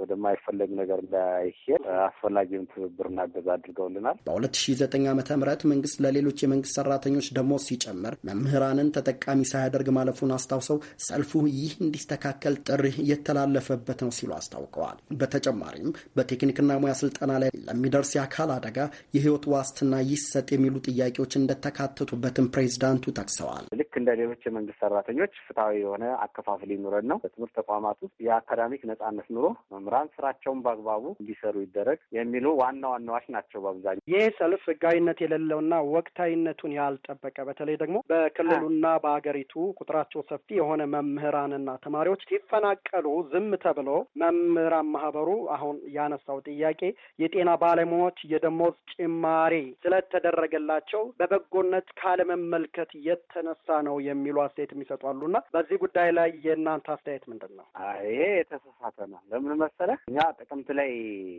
ወደማይፈለግ ነገር እንዳይሄድ አስፈላጊውን ትብብርና እገዛ አድርገውልናል። በሁለት ሺ ዘጠኝ ዓመተ ምህረት መንግስት ለሌሎች የመንግስት ሰራተኞች ደሞዝ ሲጨምር መምህራንን ተጠቃሚ ሳያደርግ ማለፉን አስታውሰው ሰልፉ ይህ እንዲስተካከል ጥሪ እየተላለፈበት ነው ሲሉ አስታውቀዋል። በተጨማሪም በቴክኒክ የሕክምና ሙያ ስልጠና ላይ ለሚደርስ የአካል አደጋ የህይወት ዋስትና ይሰጥ የሚሉ ጥያቄዎች እንደተካተቱበትም ፕሬዚዳንቱ ጠቅሰዋል። ልክ እንደ ሌሎች የመንግስት ሰራተኞች ፍትሐዊ የሆነ አከፋፍል ይኑረን ነው። በትምህርት ተቋማት ውስጥ የአካዳሚክ ነጻነት ኑሮ መምህራን ስራቸውን በአግባቡ እንዲሰሩ ይደረግ የሚሉ ዋና ዋናዎች ናቸው። በአብዛኛው ይህ ሰልፍ ህጋዊነት የሌለውና ወቅታዊነቱን ያልጠበቀ በተለይ ደግሞ በክልሉና በሀገሪቱ ቁጥራቸው ሰፊ የሆነ መምህራንና ተማሪዎች ሲፈናቀሉ ዝም ተብሎ መምህራን ማህበሩ አሁን ያነሳው ጥያቄ ጥያቄ የጤና ባለሙያዎች የደሞዝ ጭማሪ ስለተደረገላቸው በበጎነት ካለመመልከት የተነሳ ነው የሚሉ አስተያየት የሚሰጡ አሉና በዚህ ጉዳይ ላይ የእናንተ አስተያየት ምንድን ነው? ይሄ የተሳሳተ ነው። ለምን መሰለህ? እኛ ጥቅምት ላይ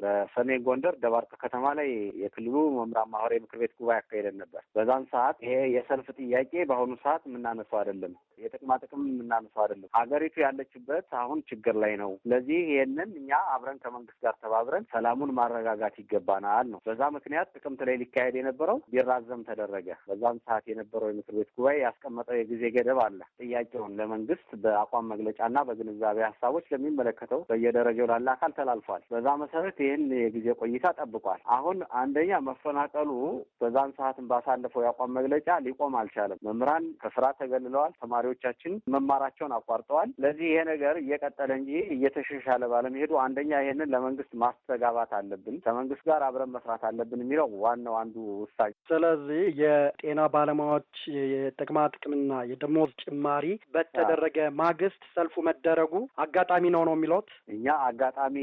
በሰሜን ጎንደር ደባርቅ ከተማ ላይ የክልሉ መምህራን ማህበራዊ ምክር ቤት ጉባኤ አካሄደን ነበር። በዛን ሰዓት ይሄ የሰልፍ ጥያቄ በአሁኑ ሰዓት የምናነሳው አይደለም። የጥቅማ ጥቅም የምናነሳው አይደለም። ሀገሪቱ ያለችበት አሁን ችግር ላይ ነው። ስለዚህ ይህንን እኛ አብረን ከመንግስት ጋር ተባብረን ሰላም ሰላሙን ማረጋጋት ይገባናል ነው። በዛ ምክንያት ጥቅምት ላይ ሊካሄድ የነበረው ቢራዘም ተደረገ። በዛም ሰዓት የነበረው የምክር ቤት ጉባኤ ያስቀመጠው የጊዜ ገደብ አለ። ጥያቄውን ለመንግስት በአቋም መግለጫና በግንዛቤ ሀሳቦች ለሚመለከተው በየደረጃው ላለ አካል ተላልፏል። በዛ መሰረት ይህን የጊዜ ቆይታ ጠብቋል። አሁን አንደኛ መፈናቀሉ በዛን ሰዓትን ባሳለፈው የአቋም መግለጫ ሊቆም አልቻለም። መምህራን ከስራ ተገልለዋል። ተማሪዎቻችን መማራቸውን አቋርጠዋል። ለዚህ ይሄ ነገር እየቀጠለ እንጂ እየተሻሻለ ባለመሄዱ አንደኛ ይህንን ለመንግስት ማስተጋባ መግባባት አለብን፣ ከመንግስት ጋር አብረን መስራት አለብን የሚለው ዋናው አንዱ ውሳኝ። ስለዚህ የጤና ባለሙያዎች የጥቅማ ጥቅምና የደሞዝ ጭማሪ በተደረገ ማግስት ሰልፉ መደረጉ አጋጣሚ ነው ነው የሚለት እኛ አጋጣሚ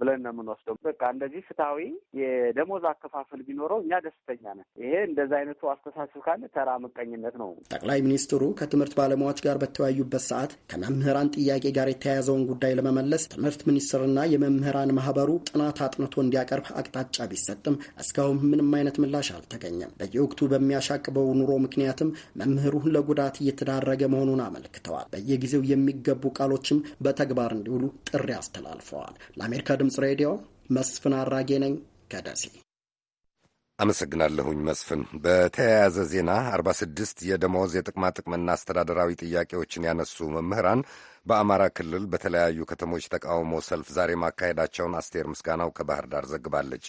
ብለን ነው የምንወስደው። በቃ እንደዚህ ፍትሐዊ የደሞዝ አከፋፈል ቢኖረው እኛ ደስተኛ ነን። ይሄ እንደዚ አይነቱ አስተሳሰብ ካለ ተራ ምቀኝነት ነው። ጠቅላይ ሚኒስትሩ ከትምህርት ባለሙያዎች ጋር በተወያዩበት ሰዓት ከመምህራን ጥያቄ ጋር የተያያዘውን ጉዳይ ለመመለስ ትምህርት ሚኒስትርና የመምህራን ማህበሩ ጥናት አጥንቶ እንዲያቀርብ አቅጣጫ ቢሰጥም እስካሁን ምንም አይነት ምላሽ አልተገኘም። በየወቅቱ በሚያሻቅበው ኑሮ ምክንያትም መምህሩ ለጉዳት እየተዳረገ መሆኑን አመልክተዋል። በየጊዜው የሚገቡ ቃሎችም በተግባር እንዲውሉ ጥሪ አስተላልፈዋል። ለአሜሪካ ድምጽ ሬዲዮ መስፍን አራጌ ነኝ ከደሴ አመሰግናለሁኝ መስፍን። በተያያዘ ዜና 46 የደሞዝ የጥቅማ ጥቅምና አስተዳደራዊ ጥያቄዎችን ያነሱ መምህራን በአማራ ክልል በተለያዩ ከተሞች ተቃውሞ ሰልፍ ዛሬ ማካሄዳቸውን አስቴር ምስጋናው ከባህር ዳር ዘግባለች።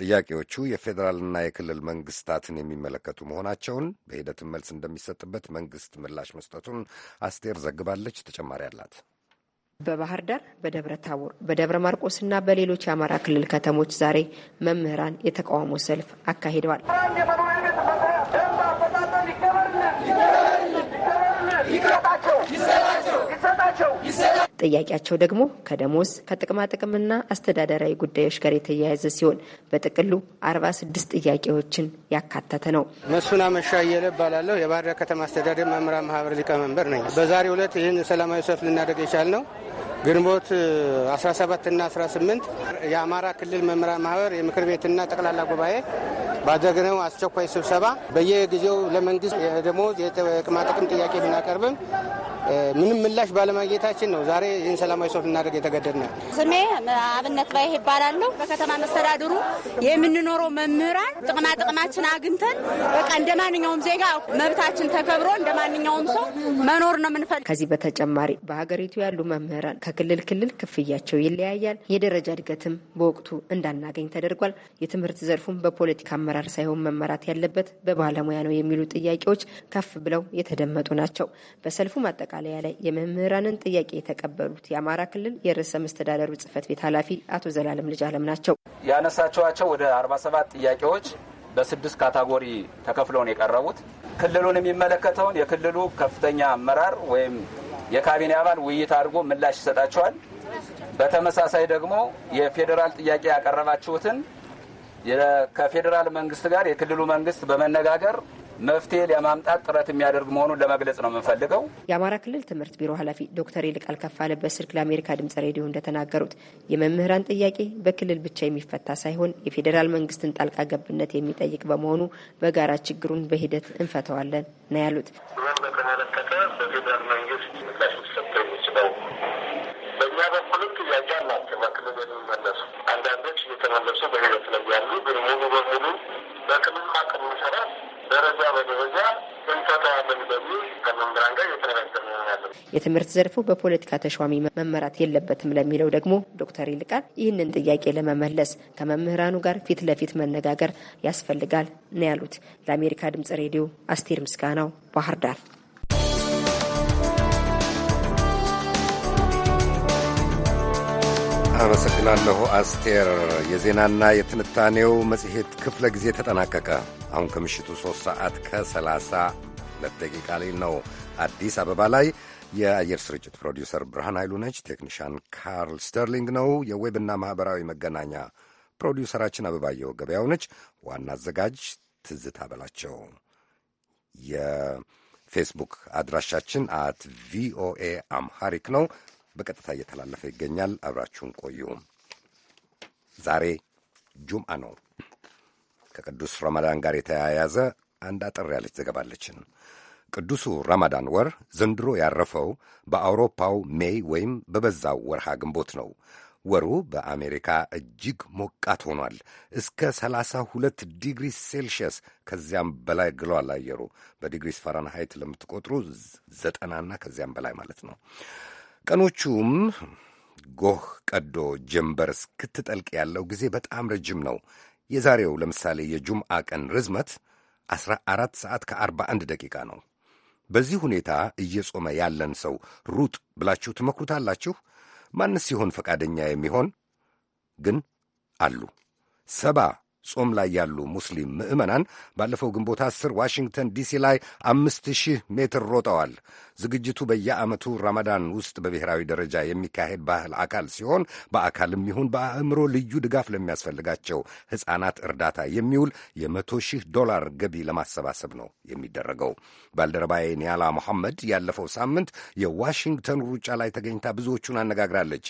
ጥያቄዎቹ የፌዴራልና የክልል መንግስታትን የሚመለከቱ መሆናቸውን በሂደትም መልስ እንደሚሰጥበት መንግስት ምላሽ መስጠቱን አስቴር ዘግባለች። ተጨማሪ አላት። በባህር ዳር፣ በደብረ ታቦር፣ በደብረ እና በሌሎች የአማራ ክልል ከተሞች ዛሬ መምህራን የተቃውሞ ሰልፍ አካሂደዋል። ጥያቄያቸው ደግሞ ከደሞዝ ከጥቅማጥቅምና አስተዳደራዊ ጉዳዮች ጋር የተያያዘ ሲሆን በጥቅሉ አርባ ስድስት ጥያቄዎችን ያካተተ ነው። መሱና መሻ እየለ እባላለሁ። የባህር ዳር ከተማ አስተዳደር መምህራን ማህበር ሊቀመንበር ነኝ። በዛሬው ዕለት ይህን ሰላማዊ ሰልፍ ልናደርግ የቻልነው ግንቦት 17ና 18 የአማራ ክልል መምህራን ማህበር የምክር ቤትና ጠቅላላ ጉባኤ ባደረግነው አስቸኳይ ስብሰባ በየጊዜው ለመንግስት የደሞዝ የጥቅማጥቅም ጥያቄ ብናቀርብም ምንም ምላሽ ባለማግኘታችን ነው ዛሬ ዛሬ ይህን ሰላማዊ ሰልፍ ልናደርግ የተገደድነው። ስሜ አብነት ባይ ይባላለሁ። በከተማ መስተዳድሩ የምንኖረው መምህራን ጥቅማ ጥቅማችን አግኝተን በቃ እንደ ማንኛውም ዜጋ መብታችን ተከብሮ እንደ ማንኛውም ሰው መኖር ነው የምንፈልግ። ከዚህ በተጨማሪ በሀገሪቱ ያሉ መምህራን ከክልል ክልል ክፍያቸው ይለያያል። የደረጃ እድገትም በወቅቱ እንዳናገኝ ተደርጓል። የትምህርት ዘርፉም በፖለቲካ አመራር ሳይሆን መመራት ያለበት በባለሙያ ነው የሚሉ ጥያቄዎች ከፍ ብለው የተደመጡ ናቸው። በሰልፉ ማጠቃለያ ላይ የመምህራንን ጥያቄ የተቀበ የተቀበሉት የአማራ ክልል የርዕሰ መስተዳደሩ ጽህፈት ቤት ኃላፊ አቶ ዘላለም ልጅ አለም ናቸው። ያነሳቸዋቸው ወደ 47 ጥያቄዎች በስድስት ካታጎሪ ተከፍለውን የቀረቡት ክልሉን የሚመለከተውን የክልሉ ከፍተኛ አመራር ወይም የካቢኔ አባል ውይይት አድርጎ ምላሽ ይሰጣቸዋል። በተመሳሳይ ደግሞ የፌዴራል ጥያቄ ያቀረባችሁትን ከፌዴራል መንግስት ጋር የክልሉ መንግስት በመነጋገር መፍትሄ ለማምጣት ጥረት የሚያደርግ መሆኑን ለመግለጽ ነው የምንፈልገው። የአማራ ክልል ትምህርት ቢሮ ኃላፊ ዶክተር ይልቃል ከፋለ በስልክ ለአሜሪካ ድምጽ ሬዲዮ እንደተናገሩት የመምህራን ጥያቄ በክልል ብቻ የሚፈታ ሳይሆን የፌዴራል መንግስትን ጣልቃ ገብነት የሚጠይቅ በመሆኑ በጋራ ችግሩን በሂደት እንፈተዋለን ነው ያሉት። በተመለከተ በፌዴራል መንግስት ምላሽ የሚችለው በእኛ በኩልም ጥያቄ አላቸው። በክልል የሚመለሱ አንዳንዶች እየተመለሱ በሂደት ላይ ያሉ ግን ሙሉ በሙሉ ደረጃ በደረጃ እንፈታዋለን በሚል ከመምህራን ጋር እየተነጋገርን ያለን። የትምህርት ዘርፉ በፖለቲካ ተሿሚ መመራት የለበትም ለሚለው ደግሞ ዶክተር ይልቃል ይህንን ጥያቄ ለመመለስ ከመምህራኑ ጋር ፊት ለፊት መነጋገር ያስፈልጋል ነው ያሉት። ለአሜሪካ ድምጽ ሬዲዮ አስቴር ምስጋናው ባህር ዳር። አመሰግናለሁ አስቴር። የዜናና የትንታኔው መጽሔት ክፍለ ጊዜ ተጠናቀቀ። አሁን ከምሽቱ 3 ሰዓት ከ32 ደቂቃ ላይ ነው አዲስ አበባ ላይ። የአየር ስርጭት ፕሮዲውሰር ብርሃን ኃይሉ ነች። ቴክኒሻን ካርል ስተርሊንግ ነው። የዌብና ማኅበራዊ መገናኛ ፕሮዲውሰራችን አበባየሁ ገበያው ነች። ዋና አዘጋጅ ትዝታ በላቸው። የፌስቡክ አድራሻችን አት ቪኦኤ አምሃሪክ ነው። በቀጥታ እየተላለፈ ይገኛል። አብራችሁን ቆዩ። ዛሬ ጁምአ ነው። ከቅዱስ ረመዳን ጋር የተያያዘ አንድ አጠር ያለች ዘገባለችን። ቅዱሱ ረመዳን ወር ዘንድሮ ያረፈው በአውሮፓው ሜይ ወይም በበዛው ወርሃ ግንቦት ነው። ወሩ በአሜሪካ እጅግ ሞቃት ሆኗል። እስከ 32 ዲግሪ ሴልሺየስ ከዚያም በላይ ግሏል። አየሩ በዲግሪስ ፈረንሃይት ለምትቆጥሩ ዘጠናና ከዚያም በላይ ማለት ነው። ቀኖቹም ጎህ ቀዶ ጀንበር እስክትጠልቅ ያለው ጊዜ በጣም ረጅም ነው። የዛሬው ለምሳሌ የጁምአ ቀን ርዝመት 14 ሰዓት ከ41 ደቂቃ ነው። በዚህ ሁኔታ እየጾመ ያለን ሰው ሩጥ ብላችሁ ትመክሩታላችሁ? ማንስ ሲሆን ፈቃደኛ የሚሆን ግን አሉ ሰባ ጾም ላይ ያሉ ሙስሊም ምዕመናን ባለፈው ግንቦት አስር ዋሽንግተን ዲሲ ላይ አምስት ሺህ ሜትር ሮጠዋል። ዝግጅቱ በየዓመቱ ራማዳን ውስጥ በብሔራዊ ደረጃ የሚካሄድ ባህል አካል ሲሆን በአካልም ይሁን በአእምሮ ልዩ ድጋፍ ለሚያስፈልጋቸው ሕፃናት እርዳታ የሚውል የመቶ ሺህ ዶላር ገቢ ለማሰባሰብ ነው የሚደረገው። ባልደረባዬ ኒያላ መሐመድ ያለፈው ሳምንት የዋሽንግተን ሩጫ ላይ ተገኝታ ብዙዎቹን አነጋግራለች።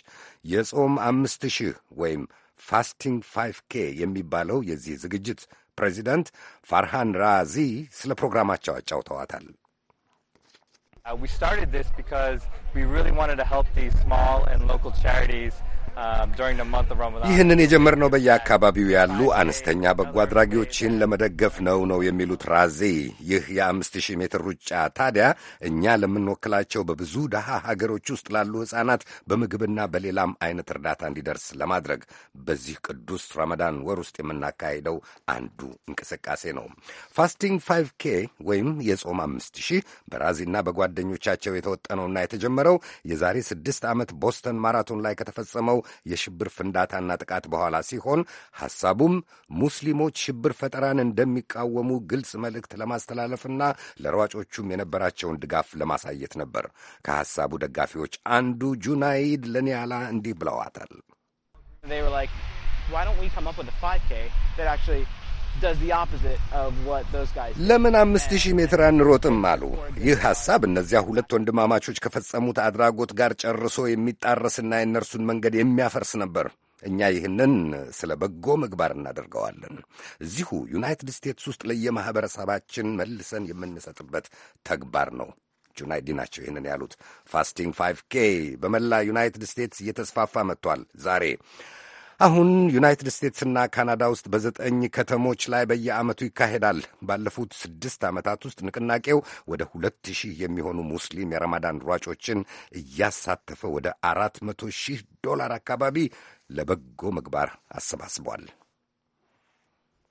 የጾም አምስት ሺህ ወይም ፋስቲንግ 5 ኬ የሚባለው የዚህ ዝግጅት ፕሬዚዳንት ፋርሃን ራዚ ስለ ፕሮግራማቸው አጫውተዋታል። We started this because we really wanted to help these small and local charities Um, ይህንን የጀመርነው በየአካባቢው ያሉ አነስተኛ በጎ አድራጊዎችን ለመደገፍ ነው ነው የሚሉት ራዜ። ይህ የአምስት ሺህ ሜትር ሩጫ ታዲያ እኛ ለምንወክላቸው በብዙ ድሃ ሀገሮች ውስጥ ላሉ ሕፃናት በምግብና በሌላም አይነት እርዳታ እንዲደርስ ለማድረግ በዚህ ቅዱስ ረመዳን ወር ውስጥ የምናካሄደው አንዱ እንቅስቃሴ ነው። ፋስቲንግ ፋይቭ ኬ ወይም የጾም አምስት ሺህ በራዚና በጓደኞቻቸው የተወጠነውና የተጀመረው የዛሬ ስድስት ዓመት ቦስተን ማራቶን ላይ ከተፈጸመው የሽብር ፍንዳታና ጥቃት በኋላ ሲሆን ሐሳቡም ሙስሊሞች ሽብር ፈጠራን እንደሚቃወሙ ግልጽ መልእክት ለማስተላለፍና ለሯጮቹም የነበራቸውን ድጋፍ ለማሳየት ነበር። ከሐሳቡ ደጋፊዎች አንዱ ጁናይድ ለኒያላ እንዲህ ብለዋታል። ለምን አምስት ሺህ ሜትር አንሮጥም አሉ። ይህ ሐሳብ እነዚያ ሁለት ወንድማማቾች ከፈጸሙት አድራጎት ጋር ጨርሶ የሚጣረስና የእነርሱን መንገድ የሚያፈርስ ነበር። እኛ ይህንን ስለ በጎ ምግባር እናደርገዋለን። እዚሁ ዩናይትድ ስቴትስ ውስጥ ለየማኅበረሰባችን መልሰን የምንሰጥበት ተግባር ነው። ጁናይዲ ናቸው ይህንን ያሉት። ፋስቲንግ ፋይቭ ኬ በመላ ዩናይትድ ስቴትስ እየተስፋፋ መጥቷል። ዛሬ አሁን ዩናይትድ ስቴትስና ካናዳ ውስጥ በዘጠኝ ከተሞች ላይ በየዓመቱ ይካሄዳል። ባለፉት ስድስት ዓመታት ውስጥ ንቅናቄው ወደ ሁለት ሺህ የሚሆኑ ሙስሊም የረማዳን ሯጮችን እያሳተፈ ወደ አራት መቶ ሺህ ዶላር አካባቢ ለበጎ ምግባር አሰባስቧል።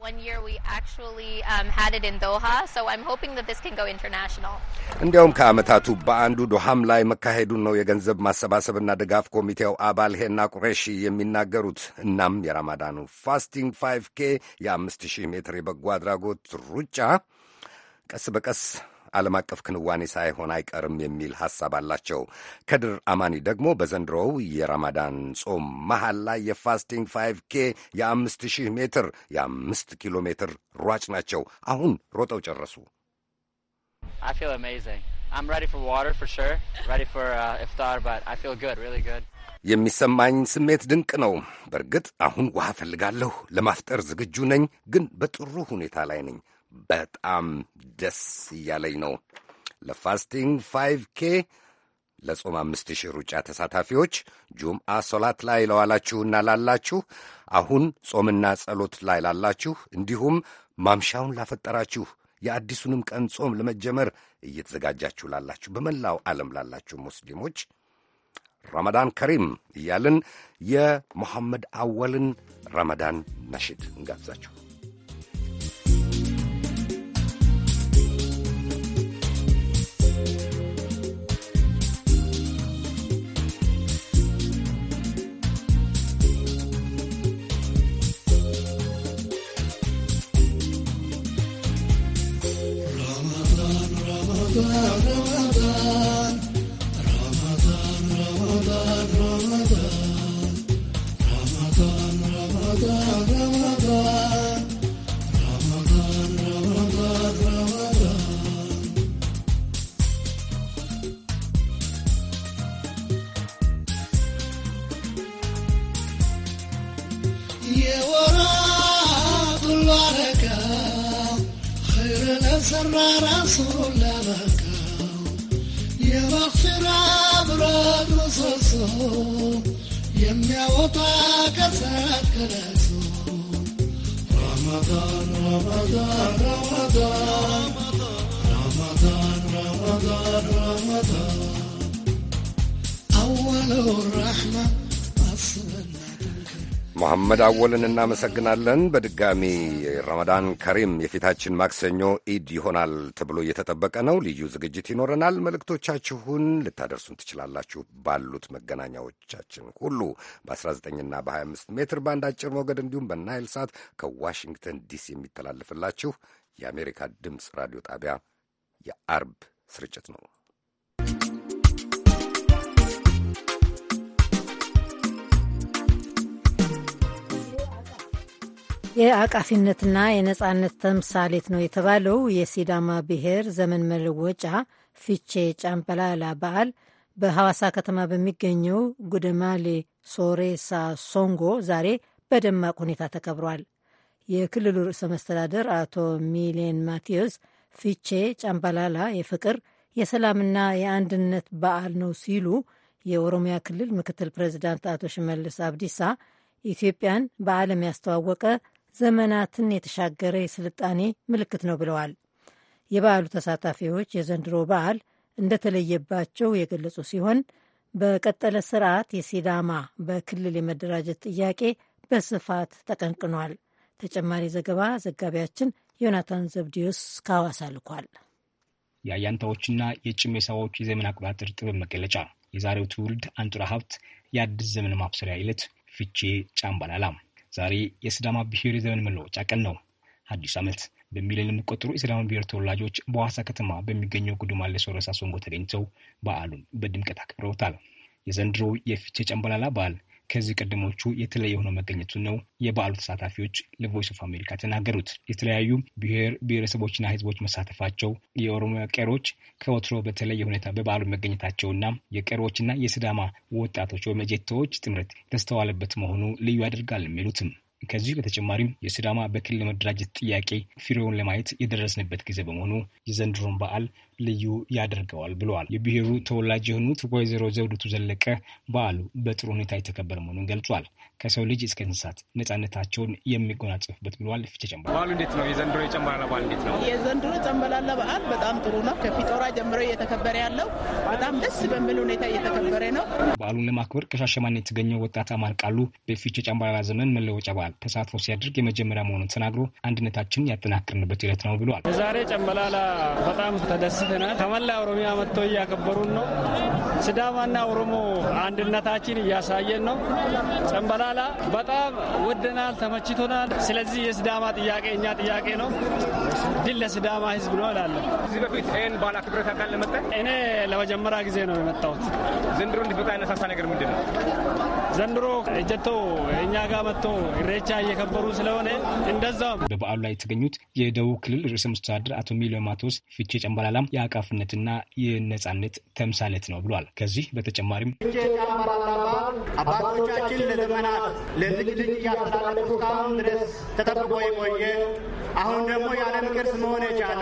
እንዲያውም ከዓመታቱ በአንዱ ዶሃም ላይ መካሄዱን ነው የገንዘብ ማሰባሰብና ድጋፍ ኮሚቴው አባል ሄና ቁሬሺ የሚናገሩት። እናም የራማዳኑ ፋስቲንግ 5 ኬ የአምስት ሺህ ሜትር የበጎ አድራጎት ሩጫ ቀስ በቀስ ዓለም አቀፍ ክንዋኔ ሳይሆን አይቀርም የሚል ሐሳብ አላቸው። ከድር አማኒ ደግሞ በዘንድሮው የራማዳን ጾም መሃል ላይ የፋስቲንግ 5 ኬ የአምስት ሺህ ሜትር የ5 ኪሎ ሜትር ሯጭ ናቸው። አሁን ሮጠው ጨረሱ። uh, የሚሰማኝ ስሜት ድንቅ ነው። በእርግጥ አሁን ውሃ እፈልጋለሁ። ለማፍጠር ዝግጁ ነኝ፣ ግን በጥሩ ሁኔታ ላይ ነኝ። በጣም ደስ እያለኝ ነው። ለፋስቲንግ ፋይቭ ኬ ለጾም አምስት ሺህ ሩጫ ተሳታፊዎች ጁምአ ሶላት ላይ ለዋላችሁና ላላችሁ፣ አሁን ጾምና ጸሎት ላይ ላላችሁ፣ እንዲሁም ማምሻውን ላፈጠራችሁ፣ የአዲሱንም ቀን ጾም ለመጀመር እየተዘጋጃችሁ ላላችሁ፣ በመላው ዓለም ላላችሁ ሙስሊሞች ረመዳን ከሪም እያልን የመሐመድ አወልን ረመዳን ነሽድ እንጋብዛችሁ። رمضان رمضان رمضان رمضان رمضان أوله الرحمة መሐመድ አወልን እናመሰግናለን። በድጋሚ ረመዳን ከሪም። የፊታችን ማክሰኞ ኢድ ይሆናል ተብሎ እየተጠበቀ ነው። ልዩ ዝግጅት ይኖረናል። መልእክቶቻችሁን ልታደርሱን ትችላላችሁ ባሉት መገናኛዎቻችን ሁሉ በ19ና በ25 ሜትር ባንድ አጭር ሞገድ እንዲሁም በናይል ሳት ከዋሽንግተን ዲሲ የሚተላለፍላችሁ የአሜሪካ ድምፅ ራዲዮ ጣቢያ የአርብ ስርጭት ነው። የአቃፊነትና የነጻነት ተምሳሌት ነው የተባለው የሲዳማ ብሔር ዘመን መለወጫ ፊቼ ጫምበላላ በዓል በሐዋሳ ከተማ በሚገኘው ጉደማሌ ሶሬሳ ሶንጎ ዛሬ በደማቅ ሁኔታ ተከብሯል። የክልሉ ርዕሰ መስተዳደር አቶ ሚሌን ማቴዎስ ፊቼ ጫምባላላ የፍቅር የሰላምና የአንድነት በዓል ነው ሲሉ የኦሮሚያ ክልል ምክትል ፕሬዚዳንት አቶ ሽመልስ አብዲሳ ኢትዮጵያን በዓለም ያስተዋወቀ ዘመናትን የተሻገረ የስልጣኔ ምልክት ነው ብለዋል። የበዓሉ ተሳታፊዎች የዘንድሮ በዓል እንደተለየባቸው የገለጹ ሲሆን በቀጠለ ስርዓት የሲዳማ በክልል የመደራጀት ጥያቄ በስፋት ተቀንቅኗል። ተጨማሪ ዘገባ ዘጋቢያችን ዮናታን ዘብዲዮስ ከሐዋሳ ልኳል። የአያንታዎችና የጭሜሳዎች የዘመን አቆጣጠር ጥበብ መገለጫ፣ የዛሬው ትውልድ አንጡራ ሀብት፣ የአዲስ ዘመን ማብሰሪያ ዕለት፣ ፍቼ ጫምባላላ ዛሬ የስዳማ ብሔር የዘመን መለወጫ ቀን ነው። አዲስ ዓመት በሚሊዮን የሚቆጠሩ የስዳማ ብሔር ተወላጆች በዋሳ ከተማ በሚገኘው ጉዱማሌ ሶረሳ ሶንጎ ተገኝተው በዓሉን በድምቀት አክብረውታል። የዘንድሮው የፊቼ ጨምበላላ በዓል ከዚህ ቀደሞቹ የተለየ ሆኖ መገኘቱ ነው የበዓሉ ተሳታፊዎች ለቮይስ ኦፍ አሜሪካ ተናገሩት። የተለያዩ ብሔር ብሔረሰቦችና ህዝቦች መሳተፋቸው የኦሮሞ ቀሮች ከወትሮ በተለየ ሁኔታ በበዓሉ መገኘታቸውና የቀሮዎችና የስዳማ ወጣቶች ወይም ጄቶዎች ጥምረት የተስተዋለበት መሆኑ ልዩ ያደርጋል የሚሉትም ከዚህ በተጨማሪም የሲዳማ በክልል ለመደራጀት ጥያቄ ፍሬውን ለማየት የደረስንበት ጊዜ በመሆኑ የዘንድሮን በዓል ልዩ ያደርገዋል ብለዋል። የብሔሩ ተወላጅ የሆኑት ወይዘሮ ዘውድቱ ዘለቀ በዓሉ በጥሩ ሁኔታ የተከበረ መሆኑን ገልጿል። ከሰው ልጅ እስከ እንስሳት ነጻነታቸውን የሚጎናጸፍበት ብለዋል። ፍቼ ጨምባ በዓሉ እንዴት ነው? የዘንድሮ በዓል እንዴት ነው? የዘንድሮ ጨምባላላ በዓል በጣም ጥሩ ነው። ከፊጦራ ጀምሮ እየተከበረ ያለው በጣም ደስ በሚል ሁኔታ እየተከበረ ነው። በዓሉን ለማክበር ከሻሸማኔ የተገኘው ወጣት አማር ቃሉ በፊቼ ጨምባላላ ዘመን መለወጫ በዓል ምሁራን ተሳትፎ ሲያደርግ የመጀመሪያ መሆኑን ተናግሮ አንድነታችንን ያጠናክርንበት ይለት ነው ብሏል። ዛሬ ጨምበላላ በጣም ተደስተናል። ከመላ ኦሮሚያ መጥቶ እያከበሩን ነው። ስዳማና ኦሮሞ አንድነታችን እያሳየን ነው። ጨምበላላ በጣም ወደናል፣ ተመችቶናል። ስለዚህ የስዳማ ጥያቄ እኛ ጥያቄ ነው። ድል ለስዳማ ህዝብ ነው እላለሁ። እዚህ በፊት ይህን በዓል አክብረት አካል ለመጠ እኔ ለመጀመሪያ ጊዜ ነው የመጣሁት። ዘንድሮ እንድትመጣ ያነሳሳ ነገር ምንድን ነው? ዘንድሮ እጀቶ እኛ ጋር መጥቶ ኢሬቻ እየከበሩ ስለሆነ እንደዛ በበዓሉ ላይ የተገኙት የደቡብ ክልል ርዕሰ መስተዳድር አቶ ሚሊዮን ማቶስ ፍቼ ጨምባላላም የአቃፍነትና የነጻነት ተምሳሌት ነው ብሏል። ከዚህ በተጨማሪም ፊቼ ጨምባላላ አባቶቻችን ለዘመናት ለልጅ ልጅ እያስተላለፉ ድረስ ተጠብቆ የቆየ አሁን ደግሞ የዓለም ቅርስ መሆን የቻለ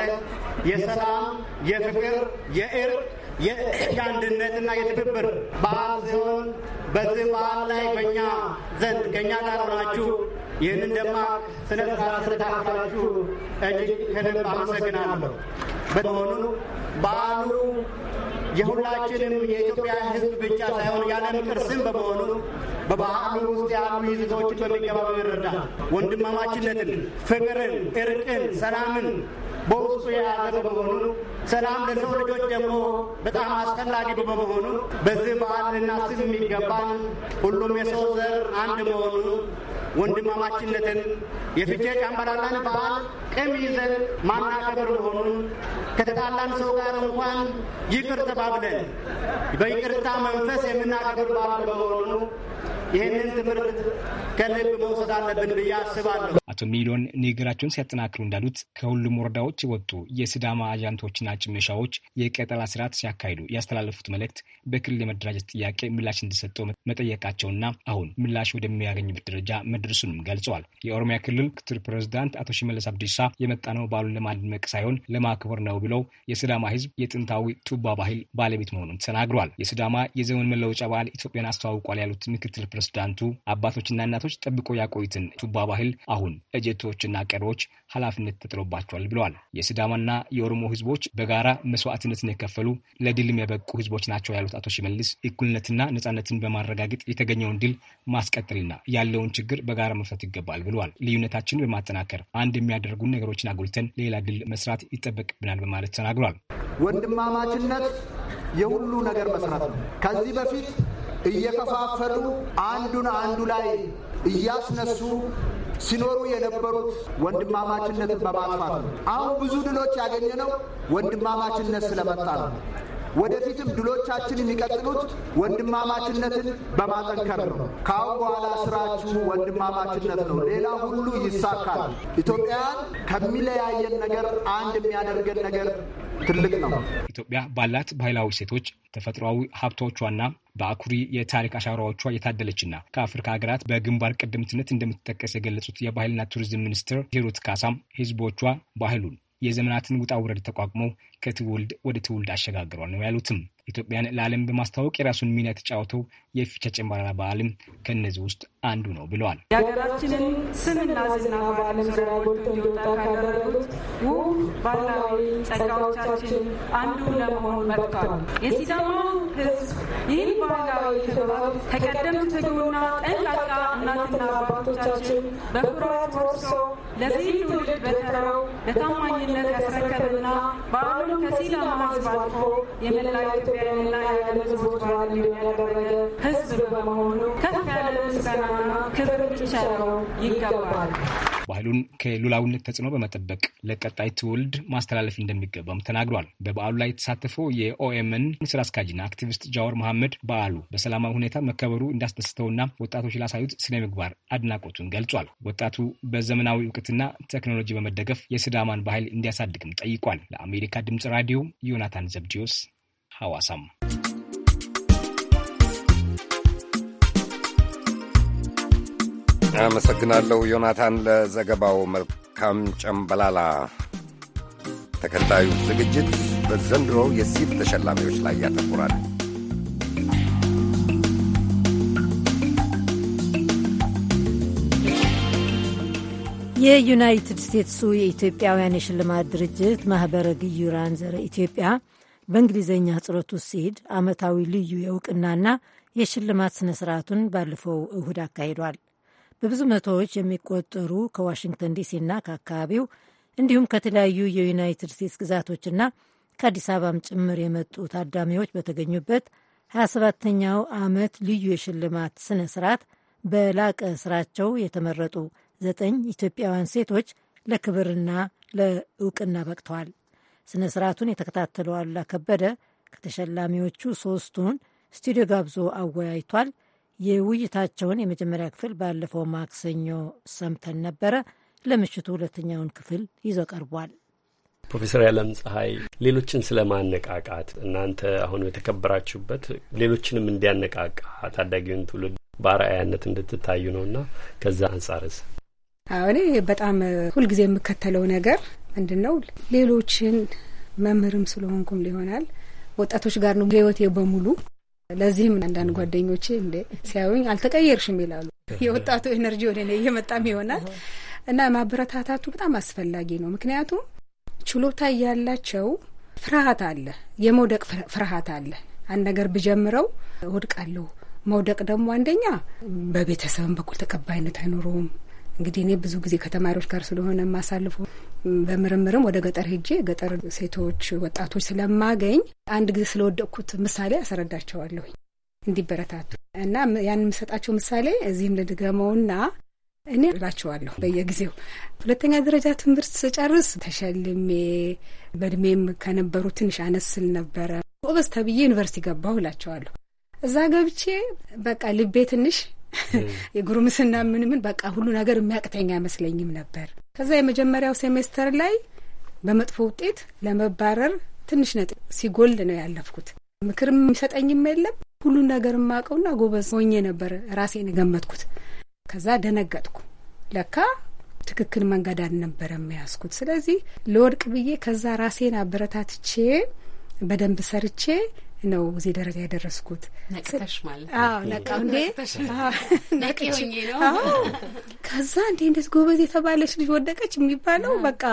የሰላም የፍቅር የእርቅ የኢትዮጵያ አንድነትና የትብብር በዓል ሲሆን በዚህ በዓል ላይ በእኛ ዘንድ ከእኛ ጋር ሆናችሁ ይህንን ደማቅ ስነ ስርዓት ስለተካፈላችሁ እጅግ ከልብ አመሰግናለሁ። በመሆኑ በዓሉ የሁላችንም የኢትዮጵያ ሕዝብ ብቻ ሳይሆን የዓለም ቅርስም በመሆኑ በባህሉ ውስጥ ያሉ ይዘቶችን በሚገባ በመረዳት ወንድማማችነትን፣ ፍቅርን፣ እርቅን፣ ሰላምን በውስጡ የያዘ በመሆኑ ሰላም ለሰው ልጆች ደግሞ በጣም አስፈላጊ በመሆኑ በዚህ በዓል ልናስብ የሚገባን ሁሉም የሰው ዘር አንድ መሆኑ ወንድማማችነትን የፍቼ ጫምባላላን በዓል ቅም ይዘን ማናከብር መሆኑን ከተጣላን ሰው ጋር እንኳን ይቅር ተባብለን በይቅርታ መንፈስ የምናከብር በዓል በመሆኑ ይህንን ትምህርት ከልብ መውሰድ አለብን ብዬ አስባለሁ። አቶ ሚሊዮን ንግግራቸውን ሲያጠናክሩ እንዳሉት ከሁሉም ወረዳዎች የወጡ የሲዳማ አጃንቶችና ጭመሻዎች የቀጠላ ስርዓት ሲያካሂዱ ያስተላለፉት መልእክት በክልል የመደራጀት ጥያቄ ምላሽ እንዲሰጠው መጠየቃቸውና አሁን ምላሽ ወደሚያገኝበት ደረጃ መድረሱንም ገልጸዋል። የኦሮሚያ ክልል ምክትል ፕሬዚዳንት አቶ ሽመለስ አብዲሳ የመጣ ነው በዓሉን ለማድመቅ ሳይሆን ለማክበር ነው ብለው የሲዳማ ሕዝብ የጥንታዊ ቱባ ባህል ባለቤት መሆኑን ተናግሯል። የሲዳማ የዘመን መለወጫ በዓል ኢትዮጵያን አስተዋውቋል ያሉት ምክትል ፕሬዚዳንቱ አባቶችና እናቶች ጠብቆ ያቆዩትን ቱባ ባህል አሁን እጀቶችና ቀሪዎች ኃላፊነት ተጥሎባቸዋል ብለዋል። የሲዳማና የኦሮሞ ህዝቦች በጋራ መስዋዕትነትን የከፈሉ ለድልም የበቁ ህዝቦች ናቸው ያሉት አቶ ሽመልስ እኩልነትና ነጻነትን በማረጋገጥ የተገኘውን ድል ማስቀጠልና ያለውን ችግር በጋራ መፍታት ይገባል ብለዋል። ልዩነታችንን በማጠናከር አንድ የሚያደርጉን ነገሮችን አጉልተን ሌላ ድል መስራት ይጠበቅብናል በማለት ተናግሯል። ወንድማማችነት የሁሉ ነገር መስራት ነው። ከዚህ በፊት እየከፋፈሉ አንዱን አንዱ ላይ እያስነሱ ሲኖሩ የነበሩት ወንድማማችነትን በማጥፋት ነው። አሁን ብዙ ድሎች ያገኘ ነው ወንድማማችነት ስለመጣ ነው። ወደፊትም ድሎቻችን የሚቀጥሉት ወንድማማችነትን በማጠንከር ነው። ከአሁን በኋላ ስራችሁ ወንድማማችነት ነው። ሌላ ሁሉ ይሳካል። ኢትዮጵያን ከሚለያየን ነገር አንድ የሚያደርገን ነገር ትልቅ ነው። ኢትዮጵያ ባላት ባህላዊ ሴቶች ተፈጥሯዊ ሀብቶቿና በአኩሪ የታሪክ አሻራዎቿ የታደለችና ከአፍሪካ ሀገራት በግንባር ቀደምትነት እንደምትጠቀስ የገለጹት የባህልና ቱሪዝም ሚኒስትር ሂሩት ካሳም ህዝቦቿ ባህሉን የዘመናትን ውጣ ውረድ ተቋቁሞ ከትውልድ ወደ ትውልድ አሸጋግሯል ነው ያሉትም። ኢትዮጵያን ለዓለም በማስተዋወቅ የራሱን ሚና የተጫወተው የኢሬቻ ጨምባላላ በዓልም ከእነዚህ ውስጥ አንዱ ነው ብለዋል። የሀገራችንን ስምና ዝና በዓለም ዙሪያ ጎልቶ እንዲወጣ ካደረጉት ውብ ባህላዊ ጸጋዎቻችን አንዱ ለመሆን በቅቷል። የሲዳማ ሕዝብ ይህን ባህላዊ ክበብ ከቀደምት ትጉና ጠንቃቃ እናትና አባቶቻችን በኩራት ወርሶ ለዚህ ትውልድ በተራው በታማኝነት ያስረከብና በዓሉም ከሲዳማ ሕዝብ አልፎ የመላ ኢትዮጵያንና የዓለም ሕዝቦች ባህል ያደረገ ሕዝብ በመሆኑ ከፍ ያለ ምስጋና ክብር ሊሰጠው ይገባል። ባህሉን ከሉላዊነት ተጽዕኖ በመጠበቅ ለቀጣይ ትውልድ ማስተላለፍ እንደሚገባም ተናግሯል። በበዓሉ ላይ የተሳተፈው የኦኤምን ስራ አስኪያጅና አክቲቪስት ጃወር መሐመድ በዓሉ በሰላማዊ ሁኔታ መከበሩ እንዳስደስተውና ወጣቶች ላሳዩት ስነ ምግባር አድናቆቱን ገልጿል። ወጣቱ በዘመናዊ እውቀትና ቴክኖሎጂ በመደገፍ የስዳማን ባህል እንዲያሳድግም ጠይቋል። ለአሜሪካ ድምፅ ራዲዮ ዮናታን ዘብዲዮስ ሐዋሳም አመሰግናለሁ ዮናታን ለዘገባው። መልካም ጨምበላላ። ተከታዩ ዝግጅት በዘንድሮው የሲል ተሸላሚዎች ላይ ያተኩራል። የዩናይትድ ስቴትሱ የኢትዮጵያውያን የሽልማት ድርጅት ማኅበረ ግዩራን ዘረ ኢትዮጵያ በእንግሊዝኛ ጽሮቱ ሲድ ዓመታዊ ልዩ የእውቅናና የሽልማት ሥነ ሥርዓቱን ባለፈው እሁድ አካሂዷል። በብዙ መቶዎች የሚቆጠሩ ከዋሽንግተን ዲሲና ከአካባቢው እንዲሁም ከተለያዩ የዩናይትድ ስቴትስ ግዛቶችና ከአዲስ አበባም ጭምር የመጡ ታዳሚዎች በተገኙበት 27ተኛው ዓመት ልዩ የሽልማት ስነ ስርዓት በላቀ ስራቸው የተመረጡ ዘጠኝ ኢትዮጵያውያን ሴቶች ለክብርና ለእውቅና በቅተዋል። ስነ ስርዓቱን የተከታተለው አሉላ ከበደ ከተሸላሚዎቹ ሶስቱን ስቱዲዮ ጋብዞ አወያይቷል። የውይይታቸውን የመጀመሪያ ክፍል ባለፈው ማክሰኞ ሰምተን ነበረ። ለምሽቱ ሁለተኛውን ክፍል ይዞ ቀርቧል። ፕሮፌሰር ያለም ፀሐይ ሌሎችን ስለ ማነቃቃት እናንተ አሁን የተከበራችሁበት ሌሎችንም እንዲያነቃቃ ታዳጊውን ትውልድ በአርአያነት እንድትታዩ እና ከዛ አንጻርስ? እኔ በጣም ሁልጊዜ የምከተለው ነገር ምንድን ነው፣ ሌሎችን መምህርም ስለሆንኩም ሊሆናል ወጣቶች ጋር ነው ህይወቴ በሙሉ ለዚህም አንዳንድ ጓደኞቼ እንደ ሲያዩኝ አልተቀየርሽም ይላሉ። የወጣቱ ኤነርጂ ወደ እኔ እየመጣም ይሆናል እና ማበረታታቱ በጣም አስፈላጊ ነው። ምክንያቱም ችሎታ እያላቸው ፍርሃት አለ፣ የመውደቅ ፍርሃት አለ። አንድ ነገር ብጀምረው እወድቃለሁ። መውደቅ ደግሞ አንደኛ በቤተሰብም በኩል ተቀባይነት አይኖረውም እንግዲህ እኔ ብዙ ጊዜ ከተማሪዎች ጋር ስለሆነ የማሳልፉ በምርምርም ወደ ገጠር ሄጄ ገጠር ሴቶች፣ ወጣቶች ስለማገኝ አንድ ጊዜ ስለወደቅኩት ምሳሌ አስረዳቸዋለሁኝ እንዲበረታቱ እና ያን የምሰጣቸው ምሳሌ እዚህም ልድገመውና እኔ እላቸዋለሁ በየጊዜው ሁለተኛ ደረጃ ትምህርት ስጨርስ ተሸልሜ በእድሜም ከነበሩ ትንሽ አነስ ስል ነበረ ጎበዝ ተብዬ ዩኒቨርሲቲ ገባሁ እላቸዋለሁ። እዛ ገብቼ በቃ ልቤ ትንሽ የጉርምስና ምን ምን በቃ ሁሉ ነገር የሚያቅተኝ አይመስለኝም ነበር። ከዛ የመጀመሪያው ሴሜስተር ላይ በመጥፎ ውጤት ለመባረር ትንሽ ነጥብ ሲጎል ነው ያለፍኩት። ምክርም የሚሰጠኝም የለም ሁሉን ነገር የማውቀውና ጎበዝ ሆኜ ነበር ራሴን የገመትኩት። ከዛ ደነገጥኩ። ለካ ትክክል መንገድ አልነበረ የሚያስኩት። ስለዚህ ለወድቅ ብዬ ከዛ ራሴን አበረታትቼ በደንብ ሰርቼ ነው እዚህ ደረጃ ያደረስኩት። ነቅተሽ ማለት ነቃው እንዴ? ነው። ከዛ እንዴ እንደት ጎበዝ የተባለች ልጅ ወደቀች የሚባለው በቃ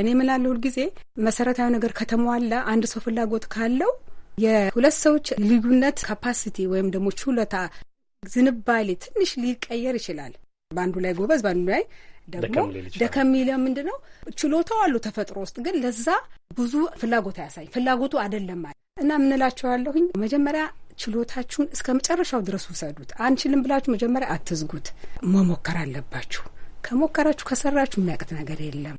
እኔ ምላለ ሁልጊዜ መሰረታዊ ነገር ከተሟላ አንድ ሰው ፍላጎት ካለው የሁለት ሰዎች ልዩነት ካፓሲቲ ወይም ደግሞ ችሎታ ዝንባሌ ትንሽ ሊቀየር ይችላል። በአንዱ ላይ ጎበዝ፣ በአንዱ ላይ ደግሞ ደከም ይለ ምንድን ነው ችሎታው አሉ ተፈጥሮ ውስጥ ግን ለዛ ብዙ ፍላጎት አያሳይ ፍላጎቱ አይደለም ማለት እና ምንላቸዋለሁኝ መጀመሪያ ችሎታችሁን እስከ መጨረሻው ድረስ ውሰዱት። አንችልም ብላችሁ መጀመሪያ አትዝጉት፣ መሞከር አለባችሁ። ከሞከራችሁ ከሰራችሁ የሚያቅት ነገር የለም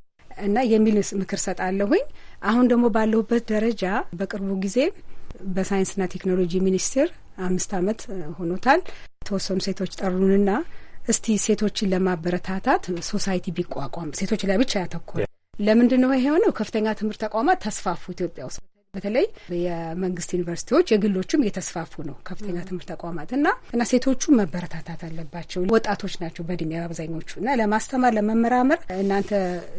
እና የሚል ምክር ሰጣለሁኝ። አሁን ደግሞ ባለሁበት ደረጃ በቅርቡ ጊዜ በሳይንስና ቴክኖሎጂ ሚኒስቴር አምስት ዓመት ሆኖታል። የተወሰኑ ሴቶች ጠሩንና እስቲ ሴቶችን ለማበረታታት ሶሳይቲ ቢቋቋም ሴቶች ላይ ብቻ ያተኮረ ለምንድን ነው የሆነው? ከፍተኛ ትምህርት ተቋማት ተስፋፉ ኢትዮጵያ ውስጥ በተለይ የመንግስት ዩኒቨርሲቲዎች የግሎቹም እየተስፋፉ ነው፣ ከፍተኛ ትምህርት ተቋማት እና እና ሴቶቹ መበረታታት አለባቸው። ወጣቶች ናቸው በእድሜ አብዛኞቹ እና ለማስተማር ለመመራመር እናንተ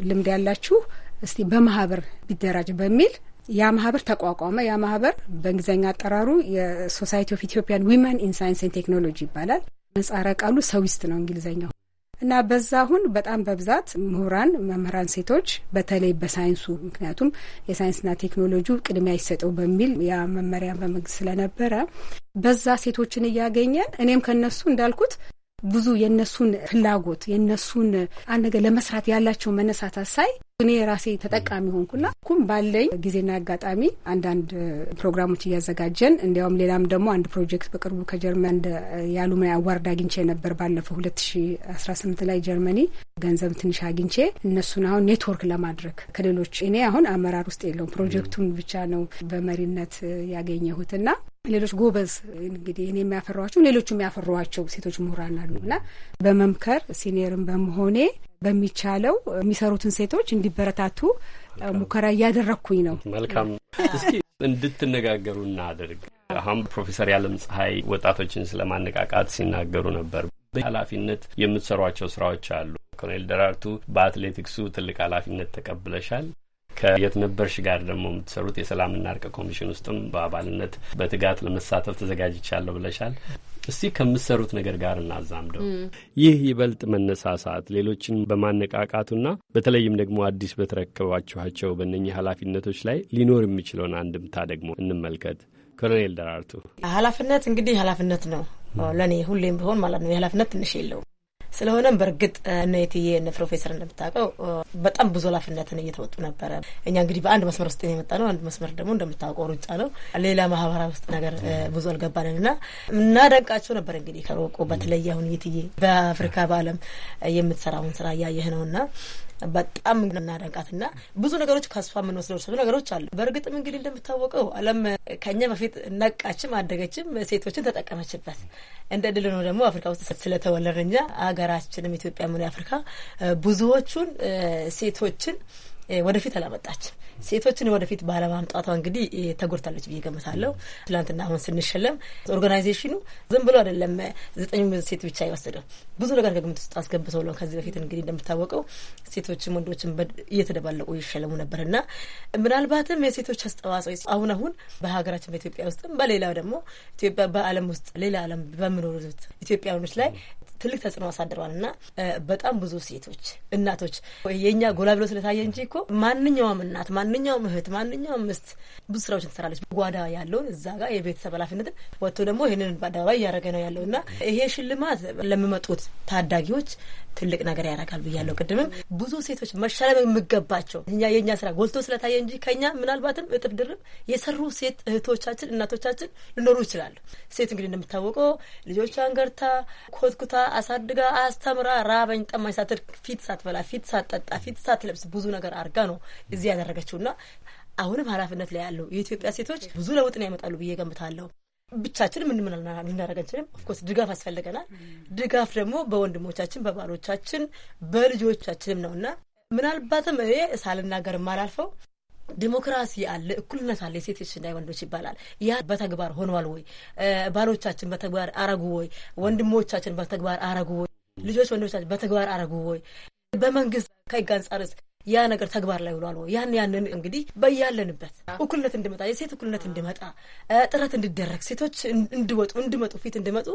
ልምድ ያላችሁ እስቲ በማህበር ቢደራጅ በሚል ያ ማህበር ተቋቋመ። ያ ማህበር በእንግሊዝኛ አጠራሩ የሶሳይቲ ኦፍ ኢትዮጵያን ዊመን ኢን ሳይንስ ቴክኖሎጂ ይባላል። መጻረ ቃሉ ሰዊስት ነው እንግሊዝኛው። እና በዛ አሁን በጣም በብዛት ምሁራን መምህራን ሴቶች በተለይ በሳይንሱ ምክንያቱም የሳይንስና ቴክኖሎጂ ቅድሚያ ይሰጠው በሚል ያ መመሪያ በመንግስት ስለነበረ በዛ ሴቶችን እያገኘን እኔም ከነሱ እንዳልኩት ብዙ የእነሱን ፍላጎት የእነሱን አንድ ነገር ለመስራት ያላቸው መነሳታት ሳይ እኔ ራሴ ተጠቃሚ ሆንኩና ኩም ባለኝ ጊዜና አጋጣሚ አንዳንድ ፕሮግራሞች እያዘጋጀን እንዲያውም ሌላም ደግሞ አንድ ፕሮጀክት በቅርቡ ከጀርመን የአሉማይ አዋርድ አግኝቼ ነበር። ባለፈው ሁለት ሺ አስራ ስምንት ላይ ጀርመኒ ገንዘብ ትንሽ አግኝቼ እነሱን አሁን ኔትወርክ ለማድረግ ከሌሎች እኔ አሁን አመራር ውስጥ የለውም ፕሮጀክቱን ብቻ ነው በመሪነት ያገኘሁትና ሌሎች ጎበዝ እንግዲህ እኔ የሚያፈሯቸው ሌሎቹ የሚያፈሯቸው ሴቶች ምሁራን አሉ እና በመምከር ሲኒየርን በመሆኔ በሚቻለው የሚሰሩትን ሴቶች እንዲበረታቱ ሙከራ እያደረግኩኝ ነው። መልካም። እስኪ እንድትነጋገሩ እናደርግ አሁን ፕሮፌሰር ያለም ፀሐይ ወጣቶችን ስለማነቃቃት ሲናገሩ ነበር። በኃላፊነት የምትሰሯቸው ስራዎች አሉ። ኮሎኔል ደራርቱ በአትሌቲክሱ ትልቅ ኃላፊነት ተቀብለሻል። ከየት ነበርሽ ጋር ደግሞ የምትሰሩት የሰላምና እርቅ ኮሚሽን ውስጥም በአባልነት በትጋት ለመሳተፍ ተዘጋጅቻለሁ ብለሻል። እስቲ ከምትሰሩት ነገር ጋር እናዛምደው። ይህ ይበልጥ መነሳሳት ሌሎችን በማነቃቃቱና በተለይም ደግሞ አዲስ በተረከባችኋቸው በእነኚህ ኃላፊነቶች ላይ ሊኖር የሚችለውን አንድምታ ደግሞ እንመልከት። ኮሎኔል ደራርቱ ኃላፊነት እንግዲህ ኃላፊነት ነው ለእኔ ሁሌም ቢሆን ማለት ነው። የኃላፊነት ትንሽ የለውም ስለሆነም በእርግጥ እነትዬ እነ ፕሮፌሰር እንደምታውቀው በጣም ብዙ ኃላፊነትን እየተወጡ ነበረ። እኛ እንግዲህ በአንድ መስመር ውስጥ የመጣ ነው። አንድ መስመር ደግሞ እንደምታውቀው ሩጫ ነው። ሌላ ማህበራዊ ውስጥ ነገር ብዙ አልገባንን እና እናደንቃቸው ነበር። እንግዲህ ከሮቆ በተለይ አሁን የትዬ በአፍሪካ በዓለም የምትሰራውን ስራ እያየህ ነው እና በጣም እናደንቃትና ብዙ ነገሮች ከእሷ የምንወስደው ብዙ ነገሮች አሉ። በእርግጥም እንግዲህ እንደምታወቀው ዓለም ከኛ በፊት ነቃችም፣ አደገችም፣ ሴቶችን ተጠቀመችበት። እንደ ድል ነው ደግሞ አፍሪካ ውስጥ ስለተወለድን እኛ ሀገራችንም ኢትዮጵያ ምን አፍሪካ ብዙዎቹን ሴቶችን ወደፊት አላመጣችም። ሴቶችን ወደፊት ባለማምጣቷ እንግዲህ ተጎድታለች ብዬ ገምታለሁ። ትላንትና አሁን ስንሸለም ኦርጋናይዜሽኑ ዝም ብሎ አይደለም ዘጠኝ ሴት ብቻ አይወስድም ብዙ ነገር ከግምት ውስጥ አስገብተው ነው። ከዚህ በፊት እንግዲህ እንደምታወቀው ሴቶችም ወንዶችም እየተደባለቁ ይሸለሙ ነበርና ምናልባትም የሴቶች አስተዋጽኦ አሁን አሁን በሀገራችን በኢትዮጵያ ውስጥም በሌላው ደግሞ ኢትዮጵያ በዓለም ውስጥ ሌላ ዓለም በምኖሩት ኢትዮጵያውያኖች ላይ ትልቅ ተጽዕኖ አሳድረዋል እና በጣም ብዙ ሴቶች እናቶች የእኛ ጎላ ብሎ ስለታየ እንጂ እኮ ማንኛውም እናት፣ ማንኛውም እህት፣ ማንኛውም ምስት ብዙ ስራዎችን ትሰራለች። ጓዳ ያለውን እዛ ጋር የቤተሰብ ኃላፊነትን ወጥቶ ደግሞ ይህንን በአደባባይ እያደረገ ነው ያለው እና ይሄ ሽልማት ለሚመጡት ታዳጊዎች ትልቅ ነገር ያደርጋል ብያለሁ። ቅድምም ብዙ ሴቶች መሸለም የሚገባቸው እኛ የእኛ ስራ ጎልቶ ስለታየ እንጂ ከኛ ምናልባትም እጥፍ ድርብ የሰሩ ሴት እህቶቻችን እናቶቻችን ሊኖሩ ይችላሉ። ሴት እንግዲህ እንደሚታወቀው ልጆቿን ገርታ ኮትኩታ አሳድጋ አስተምራ ራበኝ ጠማኝ ሳትል ፊት ሳትበላ ፊት ሳትጠጣ ፊት ሳትለብስ ብዙ ነገር አድርጋ ነው እዚህ ያደረገችውና አሁንም ኃላፊነት ላይ ያለው የኢትዮጵያ ሴቶች ብዙ ለውጥ ነው ያመጣሉ ብዬ ገምታለሁ። ብቻችን ምን ልናደርግ አንችልም። ኦፍኮርስ ድጋፍ ያስፈልገናል። ድጋፍ ደግሞ በወንድሞቻችን፣ በባሎቻችን፣ በልጆቻችንም ነው እና ምናልባትም እኔ ሳልናገር አላልፈው ዲሞክራሲ አለ፣ እኩልነት አለ፣ የሴቶች የሴቶችና ወንዶች ይባላል። ያ በተግባር ሆኗል ወይ? ባሎቻችን በተግባር አረጉ ወይ? ወንድሞቻችን በተግባር አረጉ ወይ? ልጆች ወንድሞቻችን በተግባር አረጉ ወይ? በመንግስት ከህግ አንጻርስ ያ ነገር ተግባር ላይ ውሏል። ያን ያንን እንግዲህ በያለንበት እኩልነት እንድመጣ የሴት እኩልነት እንድመጣ ጥረት እንድደረግ ሴቶች እንድወጡ እንድመጡ ፊት እንድመጡ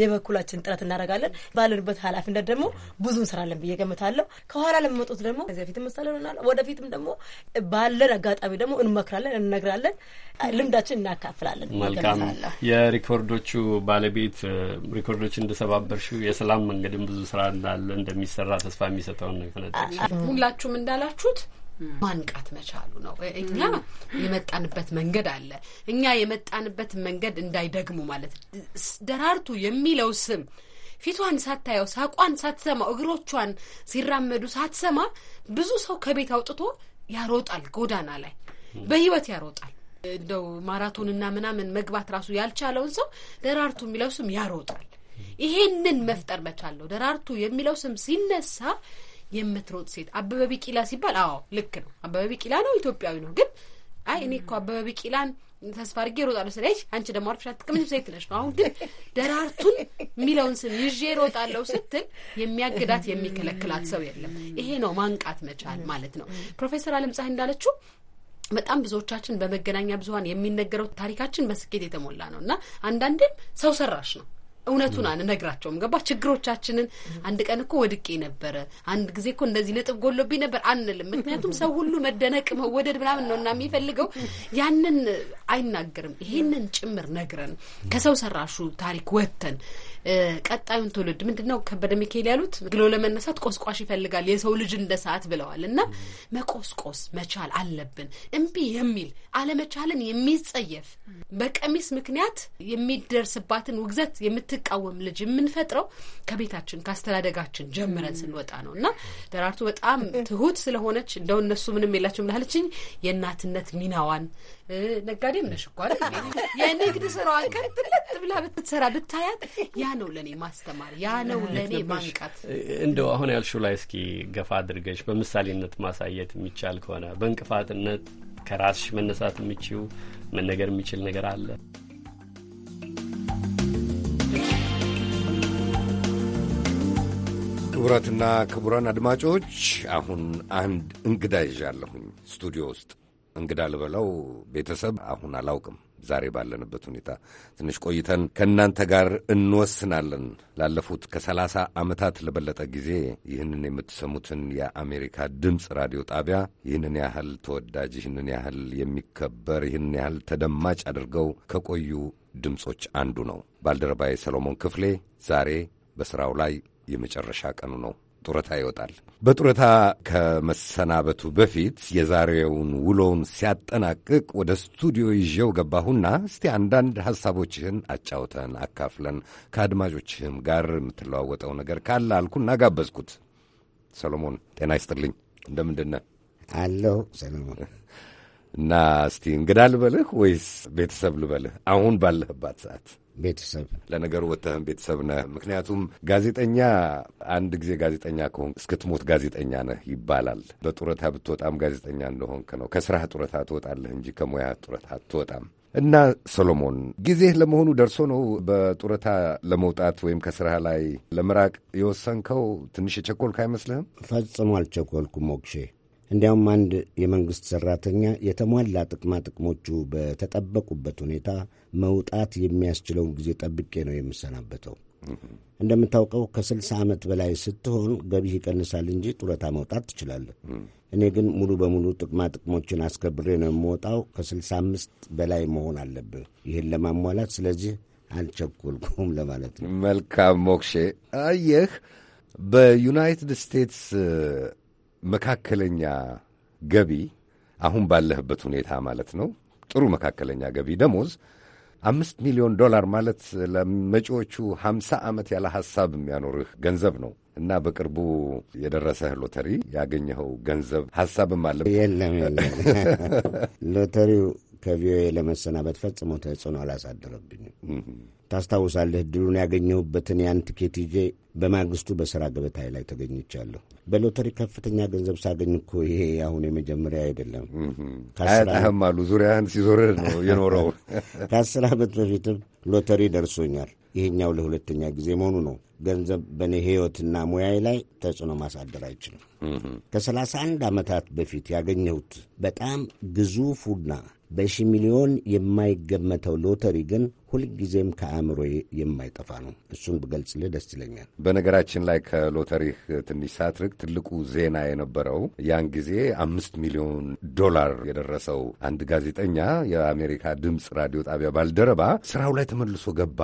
የበኩላችን ጥረት እናደርጋለን። ባለንበት ኃላፊነት ደግሞ ብዙ እንሰራለን ብዬ ገምታለሁ። ከኋላ ለመመጡት ደግሞ ከዚያ ፊት ምሳሌ ሆናል። ወደፊትም ደግሞ ባለን አጋጣሚ ደግሞ እንመክራለን፣ እንነግራለን፣ ልምዳችን እናካፍላለን። መልካም የሪኮርዶቹ ባለቤት ሪኮርዶች እንደሰባበርሽው የሰላም መንገድም ብዙ ስራ እንዳለ እንደሚሰራ ተስፋ የሚሰጠውን ነው። ሁላችሁም እንዳ ያላችሁት ማንቃት መቻሉ ነው። እኛ የመጣንበት መንገድ አለ። እኛ የመጣንበት መንገድ እንዳይደግሙ ማለት ደራርቱ የሚለው ስም ፊቷን ሳታየው ሳቋን ሳትሰማ እግሮቿን ሲራመዱ ሳትሰማ ብዙ ሰው ከቤት አውጥቶ ያሮጣል፣ ጎዳና ላይ በህይወት ያሮጣል። እንደው ማራቶንና ምናምን መግባት ራሱ ያልቻለውን ሰው ደራርቱ የሚለው ስም ያሮጣል። ይሄንን መፍጠር መቻል ነው። ደራርቱ የሚለው ስም ሲነሳ የምትሮጥ ሴት አበበ ቢቂላ ሲባል አዎ ልክ ነው። አበበ ቢቂላ ነው ኢትዮጵያዊ ነው። ግን አይ እኔ እኮ አበበ ቢቂላን ተስፋ አድርጌ እሮጣለሁ ስለች አንቺ ደግሞ አርፍሽ አትቀምጭም ሴት ነሽ ነው። አሁን ግን ደራርቱን የሚለውን ስም ይዤ እሮጣለሁ ስትል የሚያግዳት የሚከለክላት ሰው የለም። ይሄ ነው ማንቃት መቻል ማለት ነው። ፕሮፌሰር አለም ፀሐይ እንዳለችው በጣም ብዙዎቻችን በመገናኛ ብዙኃን የሚነገረው ታሪካችን በስኬት የተሞላ ነው እና አንዳንድም ሰው ሰራሽ ነው እውነቱን አንነግራቸውም። ገባ ችግሮቻችንን አንድ ቀን እኮ ወድቄ ነበረ፣ አንድ ጊዜ እኮ እንደዚህ ነጥብ ጎሎብኝ ነበር አንልም። ምክንያቱም ሰው ሁሉ መደነቅ መወደድ ምናምን ነው እና የሚፈልገው ያንን አይናገርም። ይሄንን ጭምር ነግረን ከሰው ሰራሹ ታሪክ ወጥተን ቀጣዩን ትውልድ ምንድነው ከበደ ሚካኤል ያሉት ግሎ ለመነሳት ቆስቋሽ ይፈልጋል የሰው ልጅ እንደ ሰዓት ብለዋል። እና መቆስቆስ መቻል አለብን። እምቢ የሚል አለመቻልን የሚጸየፍ በቀሚስ ምክንያት የሚደርስባትን ውግዘት የምትቃወም ልጅ የምንፈጥረው ከቤታችን ከአስተዳደጋችን ጀምረን ስንወጣ ነው። እና ደራርቱ በጣም ትሁት ስለሆነች እንደው እነሱ ምንም የላቸው ላለችኝ የእናትነት ሚናዋን ነጋዴም ነሽ እኮ አይደል? የንግድ ስራዋን ቅጥልጥ ብላ ብትሰራ ብታያት፣ ያ ነው ለእኔ ማስተማር፣ ያ ነው ለእኔ ማንቃት። እንደው አሁን ያልሽው ላይ እስኪ ገፋ አድርገሽ በምሳሌነት ማሳየት የሚቻል ከሆነ በእንቅፋትነት ከራስሽ መነሳት የሚችው መነገር የሚችል ነገር አለ? ክቡራትና ክቡራን አድማጮች አሁን አንድ እንግዳ ይዣለሁኝ ስቱዲዮ ውስጥ እንግዳ ልበለው ቤተሰብ አሁን አላውቅም። ዛሬ ባለንበት ሁኔታ ትንሽ ቆይተን ከእናንተ ጋር እንወስናለን። ላለፉት ከሰላሳ ዓመታት ለበለጠ ጊዜ ይህንን የምትሰሙትን የአሜሪካ ድምፅ ራዲዮ ጣቢያ ይህንን ያህል ተወዳጅ፣ ይህንን ያህል የሚከበር፣ ይህንን ያህል ተደማጭ አድርገው ከቆዩ ድምፆች አንዱ ነው። ባልደረባዬ ሰሎሞን ክፍሌ ዛሬ በሥራው ላይ የመጨረሻ ቀኑ ነው። ጡረታ ይወጣል። በጡረታ ከመሰናበቱ በፊት የዛሬውን ውሎውን ሲያጠናቅቅ ወደ ስቱዲዮ ይዤው ገባሁና እስቲ አንዳንድ ሐሳቦችህን አጫውተን አካፍለን ከአድማጮችህም ጋር የምትለዋወጠው ነገር ካለ አልኩና ጋበዝኩት። ሰሎሞን ጤና ይስጥልኝ፣ እንደምንድነ አለው ሰሎሞን። እና እስቲ እንግዳ ልበልህ ወይስ ቤተሰብ ልበልህ አሁን ባለህባት ሰዓት? ቤተሰብ ለነገሩ ወተህም ቤተሰብ ነህ። ምክንያቱም ጋዜጠኛ አንድ ጊዜ ጋዜጠኛ ከሆንክ እስክትሞት ጋዜጠኛ ነህ ይባላል። በጡረታ ብትወጣም ጋዜጠኛ እንደሆንክ ነው። ከስራህ ጡረታ ትወጣለህ እንጂ ከሙያ ጡረታ አትወጣም። እና ሰሎሞን ጊዜህ ለመሆኑ ደርሶ ነው በጡረታ ለመውጣት ወይም ከስራህ ላይ ለምራቅ የወሰንከው? ትንሽ የቸኮልክ አይመስልህም? ፈጽሞ አልቸኮልኩም ሞክሼ እንዲያውም አንድ የመንግሥት ሠራተኛ የተሟላ ጥቅማ ጥቅሞቹ በተጠበቁበት ሁኔታ መውጣት የሚያስችለውን ጊዜ ጠብቄ ነው የምሰናበተው። እንደምታውቀው ከስልሳ ዓመት በላይ ስትሆን ገቢህ ይቀንሳል እንጂ ጡረታ መውጣት ትችላለህ። እኔ ግን ሙሉ በሙሉ ጥቅማ ጥቅሞችን አስከብሬ ነው የምወጣው። ከስልሳ አምስት በላይ መሆን አለብህ ይህን ለማሟላት። ስለዚህ አልቸኮልኩም ለማለት ነው። መልካም ሞክሼ። አየህ በዩናይትድ ስቴትስ መካከለኛ ገቢ አሁን ባለህበት ሁኔታ ማለት ነው። ጥሩ መካከለኛ ገቢ ደሞዝ አምስት ሚሊዮን ዶላር ማለት ለመጪዎቹ ሀምሳ ዓመት ያለ ሀሳብ የሚያኖርህ ገንዘብ ነው እና በቅርቡ የደረሰህ ሎተሪ ያገኘኸው ገንዘብ ሀሳብም አለ? የለም የለም፣ ሎተሪው ከቪኦኤ ለመሰናበት ፈጽሞ ተጽዕኖ አላሳደረብኝም። ታስታውሳለህ፣ ድሉን ያገኘሁበትን ያን ትኬት ይዤ በማግስቱ በሥራ ገበታዬ ላይ ተገኝቻለሁ። በሎተሪ ከፍተኛ ገንዘብ ሳገኝ እኮ ይሄ አሁን የመጀመሪያ አይደለም። አያጣህም አሉ። ዙሪያህን ሲዞር ነው የኖረው። ከአስር ዓመት በፊትም ሎተሪ ደርሶኛል። ይሄኛው ለሁለተኛ ጊዜ መሆኑ ነው። ገንዘብ በእኔ ሕይወትና ሙያዬ ላይ ተጽዕኖ ማሳደር አይችልም። ከሰላሳ አንድ ዓመታት በፊት ያገኘሁት በጣም ግዙፉና በሺ ሚሊዮን የማይገመተው ሎተሪ ግን ሁልጊዜም ከአእምሮ የማይጠፋ ነው። እሱን ብገልጽልህ ደስ ይለኛል። በነገራችን ላይ ከሎተሪህ ትንሽ ሳትርቅ ትልቁ ዜና የነበረው ያን ጊዜ አምስት ሚሊዮን ዶላር የደረሰው አንድ ጋዜጠኛ የአሜሪካ ድምፅ ራዲዮ ጣቢያ ባልደረባ ስራው ላይ ተመልሶ ገባ፣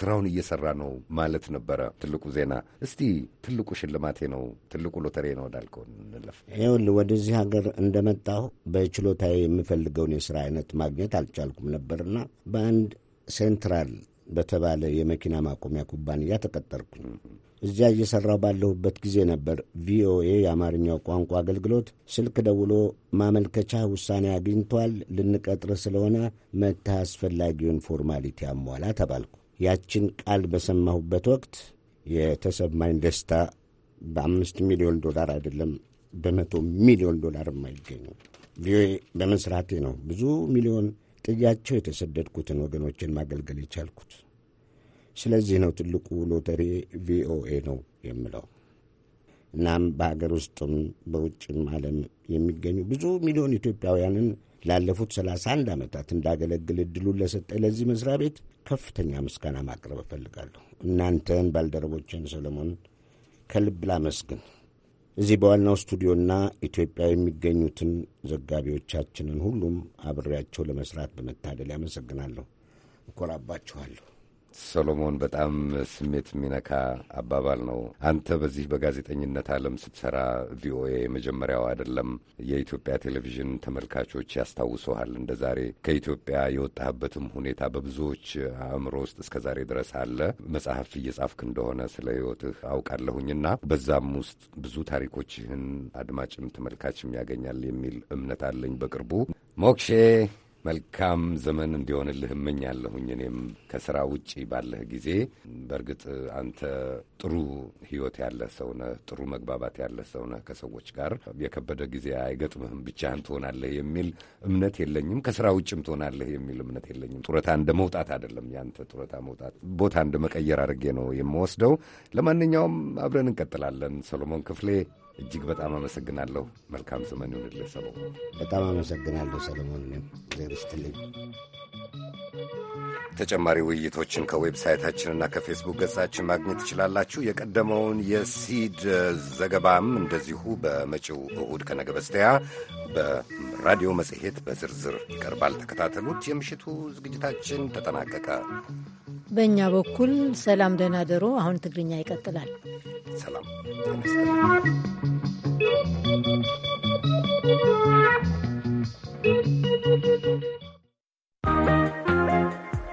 ስራውን እየሰራ ነው ማለት ነበረ ትልቁ ዜና። እስቲ ትልቁ ሽልማቴ ነው ትልቁ ሎተሪ ነው ወዳልከው እንለፍ። ይኸውልህ ወደዚህ ሀገር እንደመጣሁ በችሎታ የምፈልገውን የስራ አይነት ማግኘት አልቻልኩም ነበርና በአንድ ሴንትራል በተባለ የመኪና ማቆሚያ ኩባንያ ተቀጠርኩ። እዚያ እየሠራሁ ባለሁበት ጊዜ ነበር ቪኦኤ የአማርኛው ቋንቋ አገልግሎት ስልክ ደውሎ ማመልከቻ ውሳኔ አግኝቷል፣ ልንቀጥር ስለሆነ መጥተህ አስፈላጊውን ፎርማሊቲ አሟላ ተባልኩ። ያችን ቃል በሰማሁበት ወቅት የተሰማኝ ደስታ በአምስት ሚሊዮን ዶላር አይደለም በመቶ ሚሊዮን ዶላር የማይገኙ ቪኦኤ በመስራቴ ነው። ብዙ ሚሊዮን ጥያቸው የተሰደድኩትን ወገኖችን ማገልገል የቻልኩት። ስለዚህ ነው ትልቁ ሎተሪ ቪኦኤ ነው የምለው። እናም በሀገር ውስጥም በውጭም ዓለም የሚገኙ ብዙ ሚሊዮን ኢትዮጵያውያንን ላለፉት 31 ዓመታት እንዳገለግል እድሉን ለሰጠ ለዚህ መስሪያ ቤት ከፍተኛ ምስጋና ማቅረብ እፈልጋለሁ። እናንተን ባልደረቦችን ሰለሞን ከልብ ላመስግን። እዚህ በዋናው ስቱዲዮና ኢትዮጵያ የሚገኙትን ዘጋቢዎቻችንን ሁሉም አብሬያቸው ለመስራት በመታደል ያመሰግናለሁ። እኮራባችኋለሁ። ሰሎሞን፣ በጣም ስሜት የሚነካ አባባል ነው። አንተ በዚህ በጋዜጠኝነት ዓለም ስትሰራ ቪኦኤ የመጀመሪያው አይደለም። የኢትዮጵያ ቴሌቪዥን ተመልካቾች ያስታውሰሃል። እንደ ዛሬ ከኢትዮጵያ የወጣህበትም ሁኔታ በብዙዎች አእምሮ ውስጥ እስከ ዛሬ ድረስ አለ። መጽሐፍ እየጻፍክ እንደሆነ ስለ ህይወትህ አውቃለሁኝና በዛም ውስጥ ብዙ ታሪኮችህን አድማጭም ተመልካችም ያገኛል የሚል እምነት አለኝ። በቅርቡ ሞክሼ መልካም ዘመን እንዲሆንልህ እመኛለሁኝ። እኔም ከስራ ውጪ ባለህ ጊዜ በእርግጥ አንተ ጥሩ ህይወት ያለህ ሰው ነህ፣ ጥሩ መግባባት ያለህ ሰው ነህ። ከሰዎች ጋር የከበደ ጊዜ አይገጥምህም። ብቻህን ትሆናለህ የሚል እምነት የለኝም። ከስራ ውጭም ትሆናለህ የሚል እምነት የለኝም። ጡረታ እንደ መውጣት አይደለም። ያንተ ጡረታ መውጣት ቦታ እንደ መቀየር አድርጌ ነው የምወስደው። ለማንኛውም አብረን እንቀጥላለን። ሰሎሞን ክፍሌ እጅግ በጣም አመሰግናለሁ። መልካም ዘመን ይሁንልህ ሰለሞን። በጣም አመሰግናለሁ ሰለሞን። እኔም ዜር ስትልኝ ተጨማሪ ውይይቶችን ከዌብሳይታችንና ከፌስቡክ ገጻችን ማግኘት ትችላላችሁ። የቀደመውን የሲድ ዘገባም እንደዚሁ በመጪው እሁድ ከነገ በስቲያ በራዲዮ መጽሔት በዝርዝር ይቀርባል። ተከታተሉት። የምሽቱ ዝግጅታችን ተጠናቀቀ። በእኛ በኩል ሰላም፣ ደህና ደሮ። አሁን ትግርኛ ይቀጥላል። ሰላም